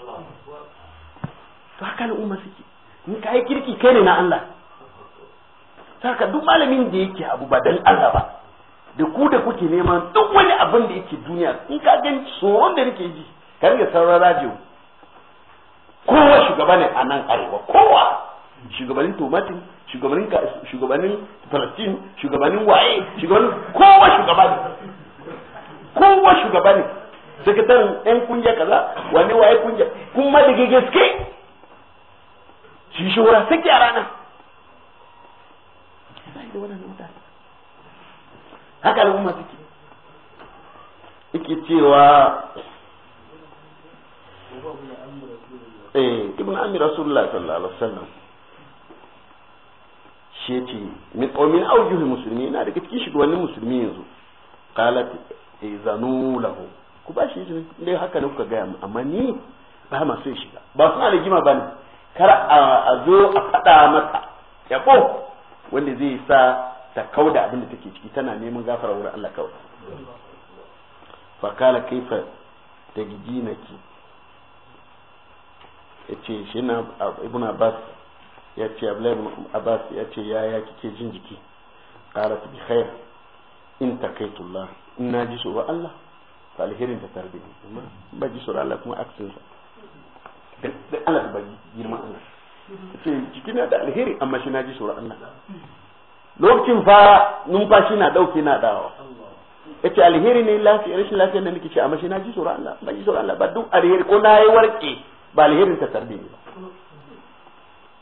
to haka al'umma suke in kai kirki kai ne na Allah saka duk malamin da yake abu ba dan Allah ba da ku da kuke neman duk wani abin da yake duniya in ka gan tsoron da nake ji ka ringa sauraron radio kowa shugaba ne a nan arewa kowa shugabanin tomatin shugabannin shugabanin palestin shugabanin waye shugabanin kowa shugaba ne kowa shugaba ne sakataren yan kungiya kaza wani waye kungiya kuma da gaske shi shura sake a rana haka al'umma suke ike cewa eh ibn amir rasulullah sallallahu alaihi wasallam shi ce min qawmin awjuhul muslimin na daga cikin shugabannin musulmi yanzu qalat izanu eh, lahu ku ba shi ne dai haka ne kuka gaya amma ni ba ma so shiga ba suna da ba bane kar a zo a faɗa masa ko wanda zai sa ta kauda abin da take ciki tana neman gafara wurin Allah kawai fa kala kaifa tajjinaki ya ce shi na ibn abbas ya ce abdullahi ibn abbas ya ce ya ya kike jin jiki qalat bi khair in takaitullah in na ji ba Allah fa alherin ta tarbi amma ba ji sura Allah kuma aksin sa da Allah ba girman Allah ce jiki na da alheri amma shi na ji tsoron Allah lokacin fa numfashi na dauke na dawa yace alheri ne lafiya rashin lafiya da nake ce amma shi na ji tsoron Allah ba ji sura Allah ba duk alheri ko na yi warke ba alherin ta tarbi ba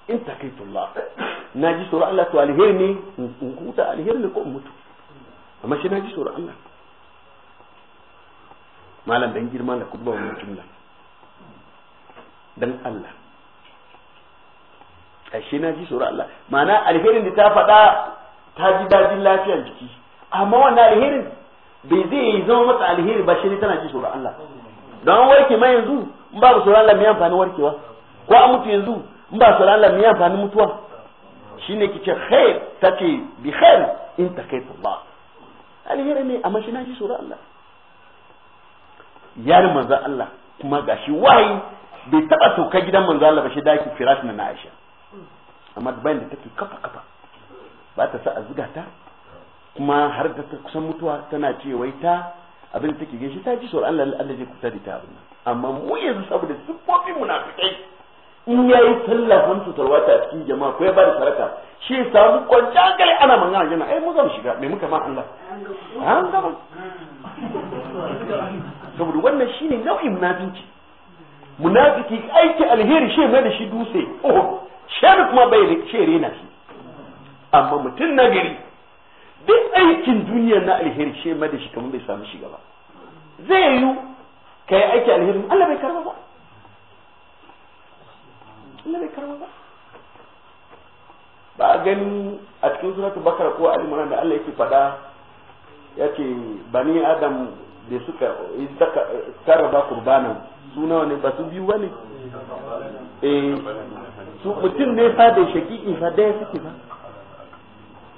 in takaitullah na ji tsoron Allah to alheri ne in huta alheri ne ko in mutu amma shi na ji tsoron Allah malam dan girma da kuma wannan jumla dan Allah shi na ji tsoron Allah ma'ana alherin da ta faɗa ta ji dadin lafiyar jiki amma wannan alherin bai zai zama mata alheri ba shi ne tana ji tsoron Allah don an warke ma yanzu in ba su Allah me amfani warkewa ko an mutu yanzu in ba su Allah me amfani mutuwa shine kice khair take bi khair in ta ba alheri ne amma shi na shi tsoron Allah Yari manzan Allah kuma gashi wayi bai taba sauka gidan manzan Allah ba shi daki firash na Aisha amma bayan da take kafa kafa ba ta sa a zuga kuma har da ta kusan mutuwa tana ce wai ta abin take gaishe ta ji tsoron Allah Allah zai kusa da ta abin amma mu yanzu saboda siffofin munafikai in yayi tallafin tutarwa ta cikin jama'a ko ya bari saraka shi ya samu kwanciyar hankali ana magana yana ai mu za mu shiga me muka ma Allah an gaba saboda wannan shine nau'in munafiki munafiki aiki alheri shi mai da shi dutse oh shari kuma bai da shi amma mutum na gari duk aikin duniyar na alheri shi ma da shi kamar bai samu shiga ba zai yi ka yi aiki alheri Allah bai karba ba Allah bai karba ba ba gani a cikin suratu bakar ko al-imran da Allah yake fada ya bani adam da suka karraba kurbanan su suna wani ba su biyu wani
eh su mutum ne
fa da shaki'i fa da yake ba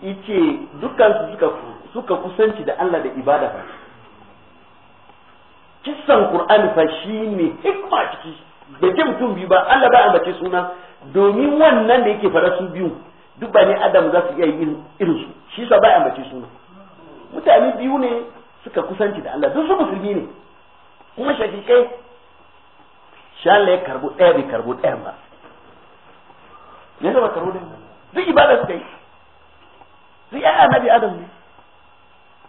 yace dukkan su suka suka kusanci da Allah da ibada fa kissan Qur'ani fa shine hikma ciki da ke mutum biyu ba Allah ba ambace suna domin wannan da yake fara su biyu duk ba ne Adam za su iya yin irin su shi sa ba ambace suna mutane biyu ne suka kusanci da Allah duk su musulmi ne kuma shakikai shi Allah ya karbo ɗaya bai karbo ɗaya ba ne ba karbo ɗaya duk ibada suka yi sai ya bi adam ne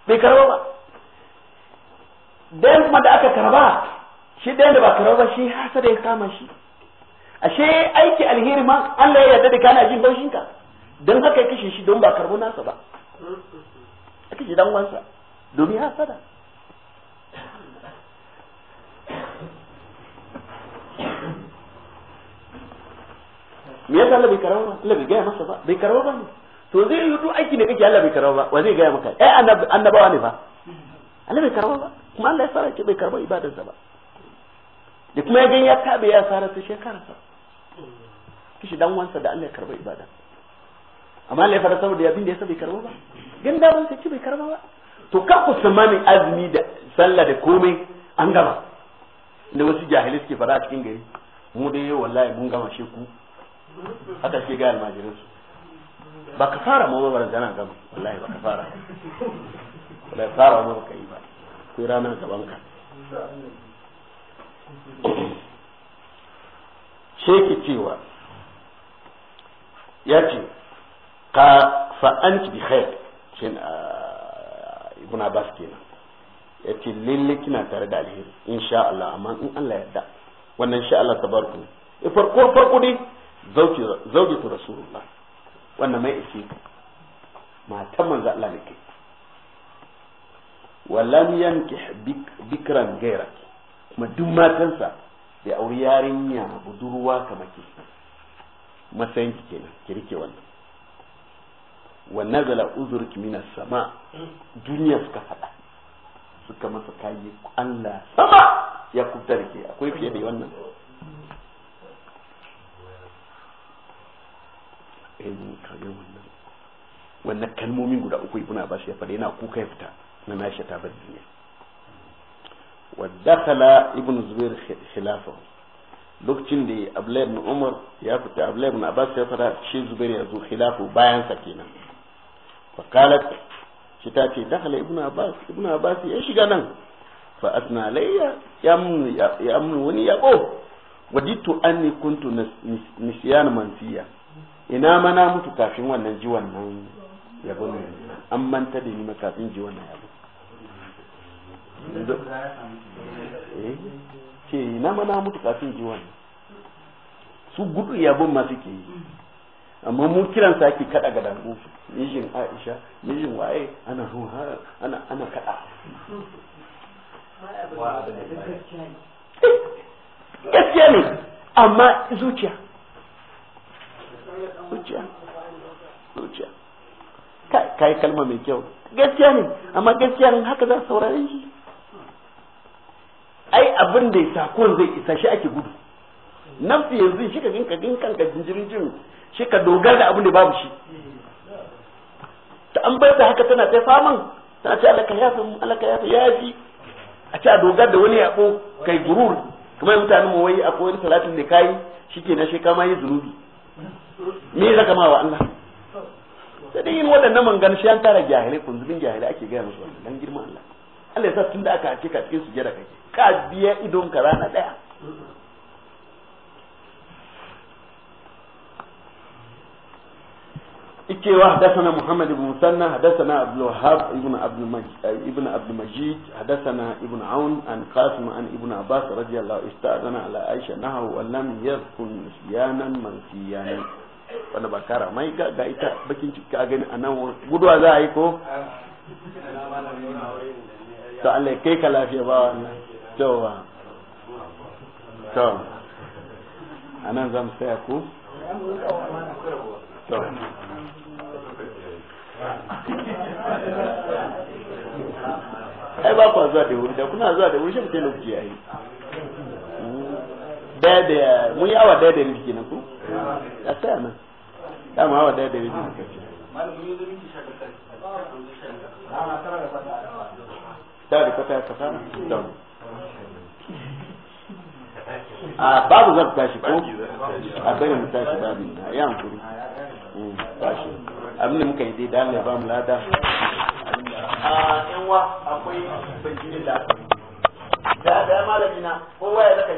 bai karba ba dayan kuma da aka karba shi dayan da ba karba ba shi hasa da ya kama shi ashe aiki alheri ma Allah ya yarda da kana jin baushin ka dan haka kai kashe shi don ba karbo nasa ba aka ji dan wansa domin hasada me yasa Allah bai karawa Allah bai gaya masa ba bai karawa ba ne to zai yi duk aiki ne kake Allah bai karba ba wa zai gaya maka eh annabawa ne fa Allah bai karba ba kuma Allah ya fara ce bai karba ibadarsa ba da kuma ya ya tabe ya fara ta shekara sa kishi dan wansa da Allah ya karba ibada amma Allah ya fara saboda ya binde sa bai karba ba gan da wansa ce bai karba ba to ka ku samani azumi da sallah da komai an gama da wasu jahilai suke fara a cikin gari mu dai wallahi mun gama sheku haka ke ga almajiransu ba ka fara ma ba zana gama wallahi ba ka fara ka fara ma ka yi ba ku ranar gaban ka sheki cewa ya ce ka ki bi khair shin ah, ibn abbas kenan ya ce lalle kina tare da alheri insha Allah amma in Allah yadda. wannan insha Allah tabarku farko farko dai zauki zauki rasulullah wannan mai ishe matan manzo Allah ne kai walam yanki bikran gairak kuma duk matansa bai auri yarinya budurwa kamar ki matsayin ki kenan ki rike wannan wa nazala uzurki minas sama duniya suka fada suka masa kayi Allah sama ya kubtar ke akwai fiye da wannan ilmin kaga wannan wannan kalmomin guda uku ibuna ba shi ya fada yana kuka ya fita na nashi ta bar duniya wa dakhala ibn zubair khilafa lokacin da abdullahi ibn umar ya fita abdullahi ibn abbas ya fada shi zubair ya zo khilafu bayan sa kenan fa qalat shi ta ce dakhala ibn abbas ibn abbas ya shiga nan fa asna layya ya mun ya mun wani yabo waditu anni kuntu nisyan mansiya ina mana mutu kafin wannan ji wannan yabo ne an manta da ni kafin ji wannan
yabo eh,
ce ina mana mutu kafin ji wannan su gudu yabon ma suke yi amma mu kiran sa ake kada ga dangu mijin Aisha mijin waye ana ruha ana ana kada
eh,
gaskiya ne amma zuciya zuciya zuciya kai kalma mai kyau gaskiya ne amma gaskiya ne haka za saurare shi ai abin da sakon zai isa shi ake gudu fi yanzu shi ka ginka ginkan ka jinjirin jin shi ka dogara da abin da babu shi ta an bar haka tana ta faman tana ce alaka fi alaka ya fi a ce a dogara da wani yabo kai gurur kamar mutanen mu wai akwai wani salatin da shi ke na shekama yi zunubi
me zaka ma wa Allah sai dai yin
waɗannan mangan shi an tara jahilai kunzulin jahilai ake gaya musu wannan dan girman Allah Allah ya sa da aka hake ka cikin sujada kai ka biya idon ka rana daya ike wa hadathana Muhammad ibn Musanna hadathana Abdul Wahhab ibn Abdul Majid eh, ibn Abdul Majid hadathana ibn Aun an Qasim an ibn Abbas radiyallahu ista'dana ala Aisha nahu wa lam yadhkun yanan man wanda ba kara mai ga ita bakin ciki ka gani a nan guduwa za a yi ko to Allah ya kai ka lafiya ba wannan to to a nan zan saya ku
to ai ba
kwa zuwa da wuri da kuna zuwa da wuri shi mutum lokaci yayi yi
daya mun yi awa daya da
rabi ku, a tsaya nan dama awa daya da na karshe tara da kwata ka fara
a babu zan tashi ko a bari mu tashi babu na ya hankuri hmm, tashi abin da muka yi dai da ba mu lada
a akwai da da malami na kowa ya zaka